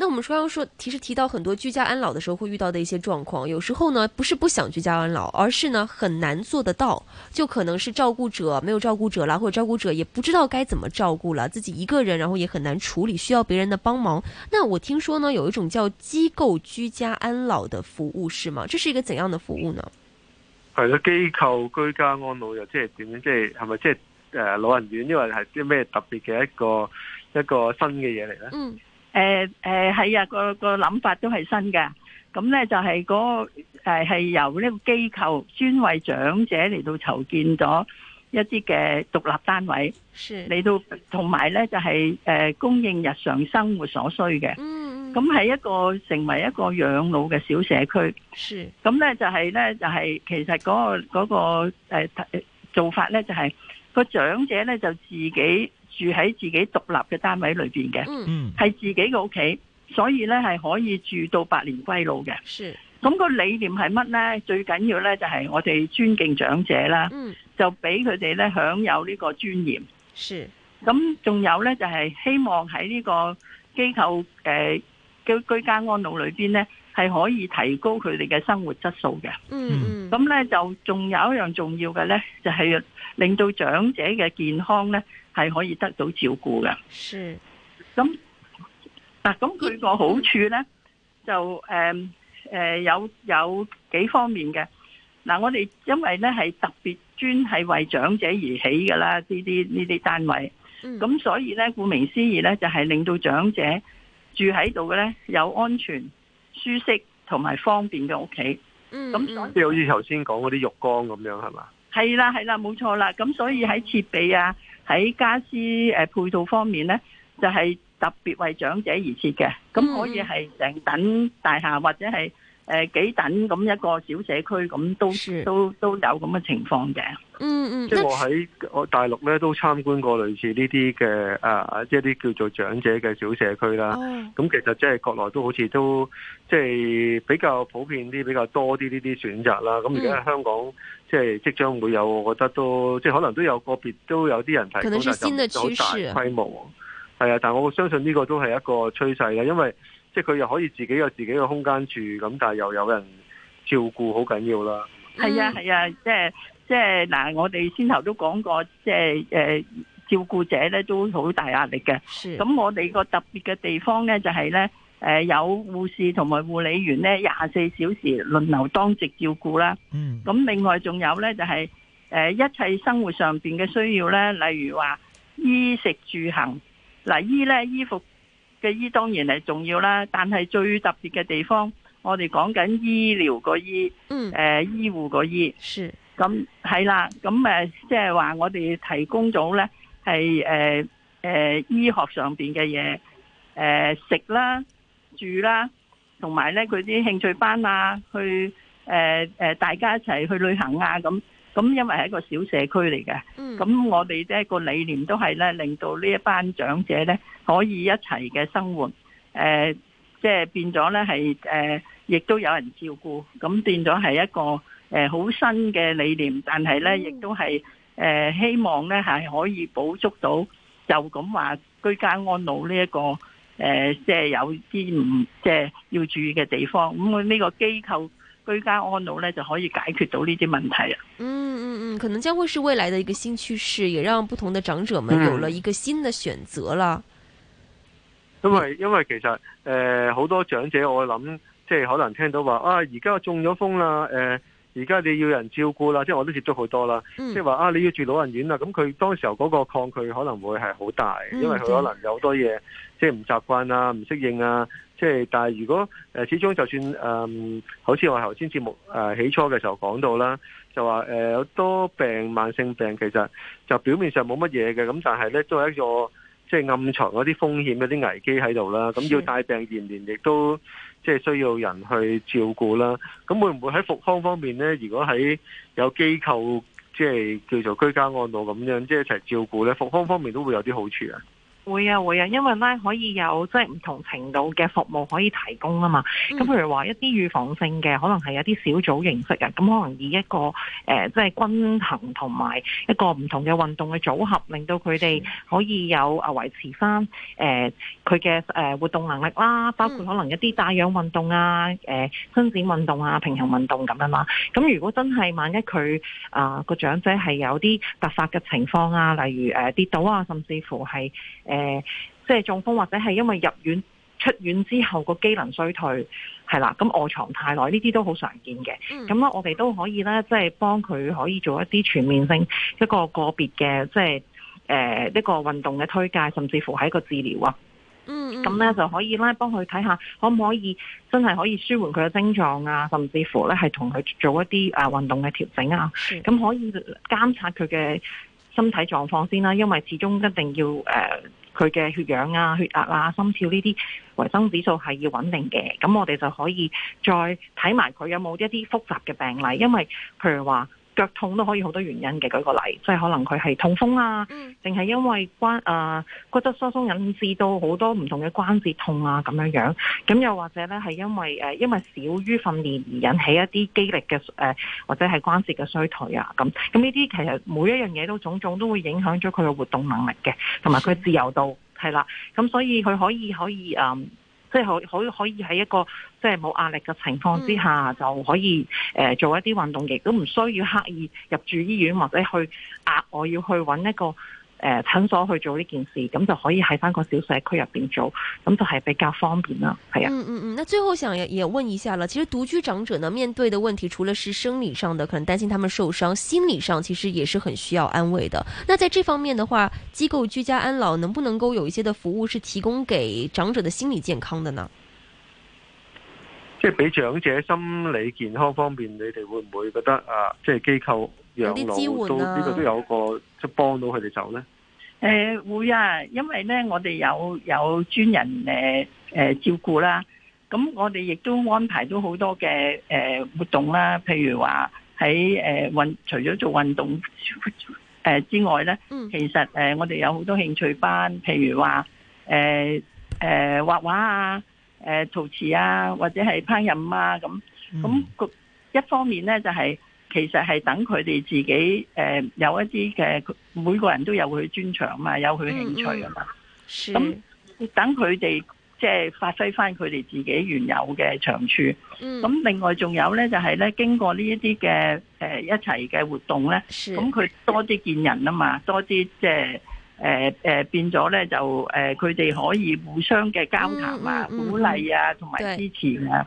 那我們剛剛說，其實提到很多居家安老的時候會遇到的一些狀況，有時候呢不是不想居家安老，而是呢很難做得到，就可能是照顧者沒有照顧者啦，或者照顧者也不知道該怎麼照顧了，自己一個人，然後也很難處理，需要別人的幫忙。那我聽說呢有一種叫機構居家安老的服務，是嗎？這是一個怎樣的服務呢？係咯，機構居家安老又即係點樣呢？即係係咪即係誒、就是呃、老人院，因為係啲咩特別嘅一個一個新嘅嘢嚟呢。嗯。誒誒係啊，呃呃嗰個、嗰個諗法都係新嘅，咁咧就係、嗰個誒係、呃、由呢個機構專為長者嚟到籌建咗一啲嘅獨立單位，嚟是到同埋咧就係、是、誒、呃、供應日常生活所需嘅，咁係、嗯、一個成為一個養老嘅小社區。是咁咧就係咧就係、是、其實嗰、嗰個、嗰個誒、呃、做法咧就係、是嗰個長者咧就自己。住喺自己獨立嘅單位裏邊嘅，係、嗯、自己嘅屋企，所以咧係可以住到百年歸老嘅。咁是個理念係乜呢？最緊要呢就係我哋尊敬長者啦，嗯、就俾佢哋咧享有呢個尊嚴。咁仲是有呢，就係、是、希望喺呢個機構誒嘅、呃、居家安老裏邊呢，係可以提高佢哋嘅生活質素嘅。嗯嗯，咁呢，就仲有一樣重要嘅呢，就係、是、令到長者嘅健康呢。係可以得到照顧嘅，是咁嗱。咁佢個好處呢，就誒誒、呃呃、有有幾方面嘅。嗱、呃，我哋因為呢係特別專係為長者而起嘅啦，呢啲呢啲單位。咁所以呢，顧名思義呢，就係、是、令到長者住喺度嘅呢，有安全、舒適同埋方便嘅屋企。咁即係好似頭先講嗰啲浴缸咁樣係嘛？係啦係啦，冇錯啦。咁所以喺設備啊～喺家私誒配套方面咧，就係、是、特別為長者而設嘅，咁可以係成棟大廈或者係誒幾棟咁一個小社區，咁都都都有咁嘅情況嘅、嗯。嗯嗯，即係我喺我大陸咧都參觀過類似呢啲嘅即一啲叫做長者嘅小社區啦。咁、哦、其實即係國內都好似都即係、就是、比較普遍啲，比較多啲呢啲選擇啦。咁而家香港。嗯即係即將會有，我覺得都即係可能都有個別都有啲人提到，可能係新的趨勢、啊，規模係啊！但我相信呢個都係一個趨勢啦，因為即係佢又可以自己有自己嘅空間住，咁但係又有人照顧，好緊要啦。係啊係啊，即係即係嗱，我哋先頭都講過，即係誒、呃、照顧者咧都好大壓力嘅。咁的我哋個特別嘅地方咧就係、是、咧。誒、呃，有護士同埋護理員呢，廿四小時輪流當值照顧啦。嗯。咁另外仲有呢，就係、是、誒、呃、一切生活上邊嘅需要呢，例如話衣食住行。嗱、呃，衣呢，衣服嘅衣當然係重要啦，但係最特別嘅地方，我哋講緊醫療個醫。嗯。誒，醫護個醫。是。咁係啦，咁誒即係話我哋提供咗呢係誒誒醫學上邊嘅嘢，誒、呃、食啦。住啦，同埋咧佢啲興趣班啊，去誒誒大家一齊去旅行啊，咁咁因為係一個小社區嚟嘅，咁我哋即係個理念都係咧令到呢一班長者咧可以一齊嘅生活，誒即係變咗咧係誒亦都有人照顧，咁變咗係一個誒好新嘅理念，但係咧亦都係誒希望咧係可以補足到就咁話居家安老呢一個。誒、呃，即係有啲唔、嗯、即係要注意嘅地方，咁佢呢個機構居家安老咧就可以解決到呢啲問題啦。嗯嗯嗯，可能將會是未來嘅一個新趨勢，也讓不同的長者們有了一個新的選擇了。嗯、因為因為其實誒，好、呃、多長者我諗，即係可能聽到話啊，而家我中咗風啦，誒、呃。而家你要人照顧啦，即係我都接觸好多啦，即係話啊，你要住老人院啦，咁佢當時候嗰個抗拒可能會係好大，因為佢可能有好多嘢即係唔習慣啊、唔適應啊，即係但係如果誒、呃、始終就算誒、嗯，好似我頭先節目誒、呃、起初嘅時候講到啦，就話誒有多病慢性病，其實就表面上冇乜嘢嘅，咁但係咧都係一個即係暗藏嗰啲風險、嗰啲危機喺度啦。咁要帶病延年，亦都。即係需要人去照顧啦，咁會唔會喺復康方面呢？如果喺有機構即係、就是、叫做居家安老咁樣，即、就、係、是、一齊照顧呢，復康方，方面都會有啲好處啊！會啊會啊，因為咧可以有即係唔同程度嘅服務可以提供啊嘛。咁譬、嗯、如話一啲預防性嘅，可能係一啲小組形式嘅，咁可能以一個、呃、即係均衡同埋一個唔同嘅運動嘅組合，令到佢哋可以有啊維持翻誒佢嘅活動能力啦。包括可能一啲帶氧運動啊、誒、呃、伸展運動啊、平衡運動咁樣嘛。咁如果真係萬一佢啊個長者係有啲突發嘅情況啊，例如誒、呃、跌倒啊，甚至乎係誒。呃誒、呃，即係中風或者係因為入院出院之後個機能衰退，係啦，咁、呃、臥床太耐呢啲都好常見嘅。咁啦、嗯，咁我哋都可以咧，即係幫佢可以做一啲全面性一個個別嘅，即係誒呢個運動嘅推介，甚至乎係一個治療啊。咁咧、嗯嗯、就可以咧幫佢睇下可唔可以真係可以舒緩佢嘅症狀啊，甚至乎咧係同佢做一啲啊運動嘅調整啊。咁、嗯、可以監察佢嘅身體狀況先啦、啊，因為始終一定要誒。呃佢嘅血氧啊、血壓啊、心跳呢啲維生指數係要穩定嘅，咁我哋就可以再睇埋佢有冇一啲複雜嘅病例，因為譬如話，腳痛都可以好多原因嘅，舉個例，即係可能佢係痛風啊，淨係因為關誒、呃、骨質疏鬆引致到好多唔同嘅關節痛啊。咁樣樣，咁又或者咧係因為、呃、因為少於訓練而引起一啲肌力嘅誒或者係關節嘅衰退啊咁，咁呢啲其實每一樣嘢都種種都會影響咗佢嘅活動能力嘅，同埋佢自由度係啦，咁所以佢可以可以、呃即係可可可以喺一個即係冇壓力嘅情況之下，就可以誒做一啲運動，亦都唔需要刻意入住醫院或者去壓，我要去搵一個。誒，診所去做呢件事，咁就可以喺返個小社區入邊做，咁就係比較方便啦，係啊、嗯。嗯嗯嗯，那最後想也問一下啦，其實獨居長者呢面對的問題，除了是生理上的，可能擔心他們受傷，心理上其實也是很需要安慰的。那在這方面的話，機構居家安老能不能夠有一些的服務是提供給長者的心理健康的呢？即係俾長者心理健康方面，你哋會唔會覺得啊？即係機構。啲老都啊！呢個都，都有個即係幫到佢哋走咧。誒會啊，因為咧我哋有有專人誒誒、呃、照顧啦。咁我哋亦都安排咗好多嘅誒、呃、活動啦。譬如話喺誒運除咗做運動誒、呃、之外咧，嗯、其實誒我哋有好多興趣班，譬如話誒誒畫畫啊、誒、呃、陶瓷啊，或者係烹飪啊咁。咁一方面咧就係、係。其實係等佢哋自己，誒、呃，有一啲嘅，每個人都有佢專長嘛，有佢興趣啊嘛。咁、嗯嗯、等佢哋即係發揮翻佢哋自己原有嘅長處。咁、嗯、另外仲有咧，就係、是、咧經過呢一啲嘅，誒、呃，一齊嘅活動咧，咁佢是多啲見人啊嘛，多啲即係，誒、呃，誒、呃，變咗咧就，誒、呃，佢哋可以互相嘅交談啊，嗯嗯嗯、鼓勵啊，同埋支持啊。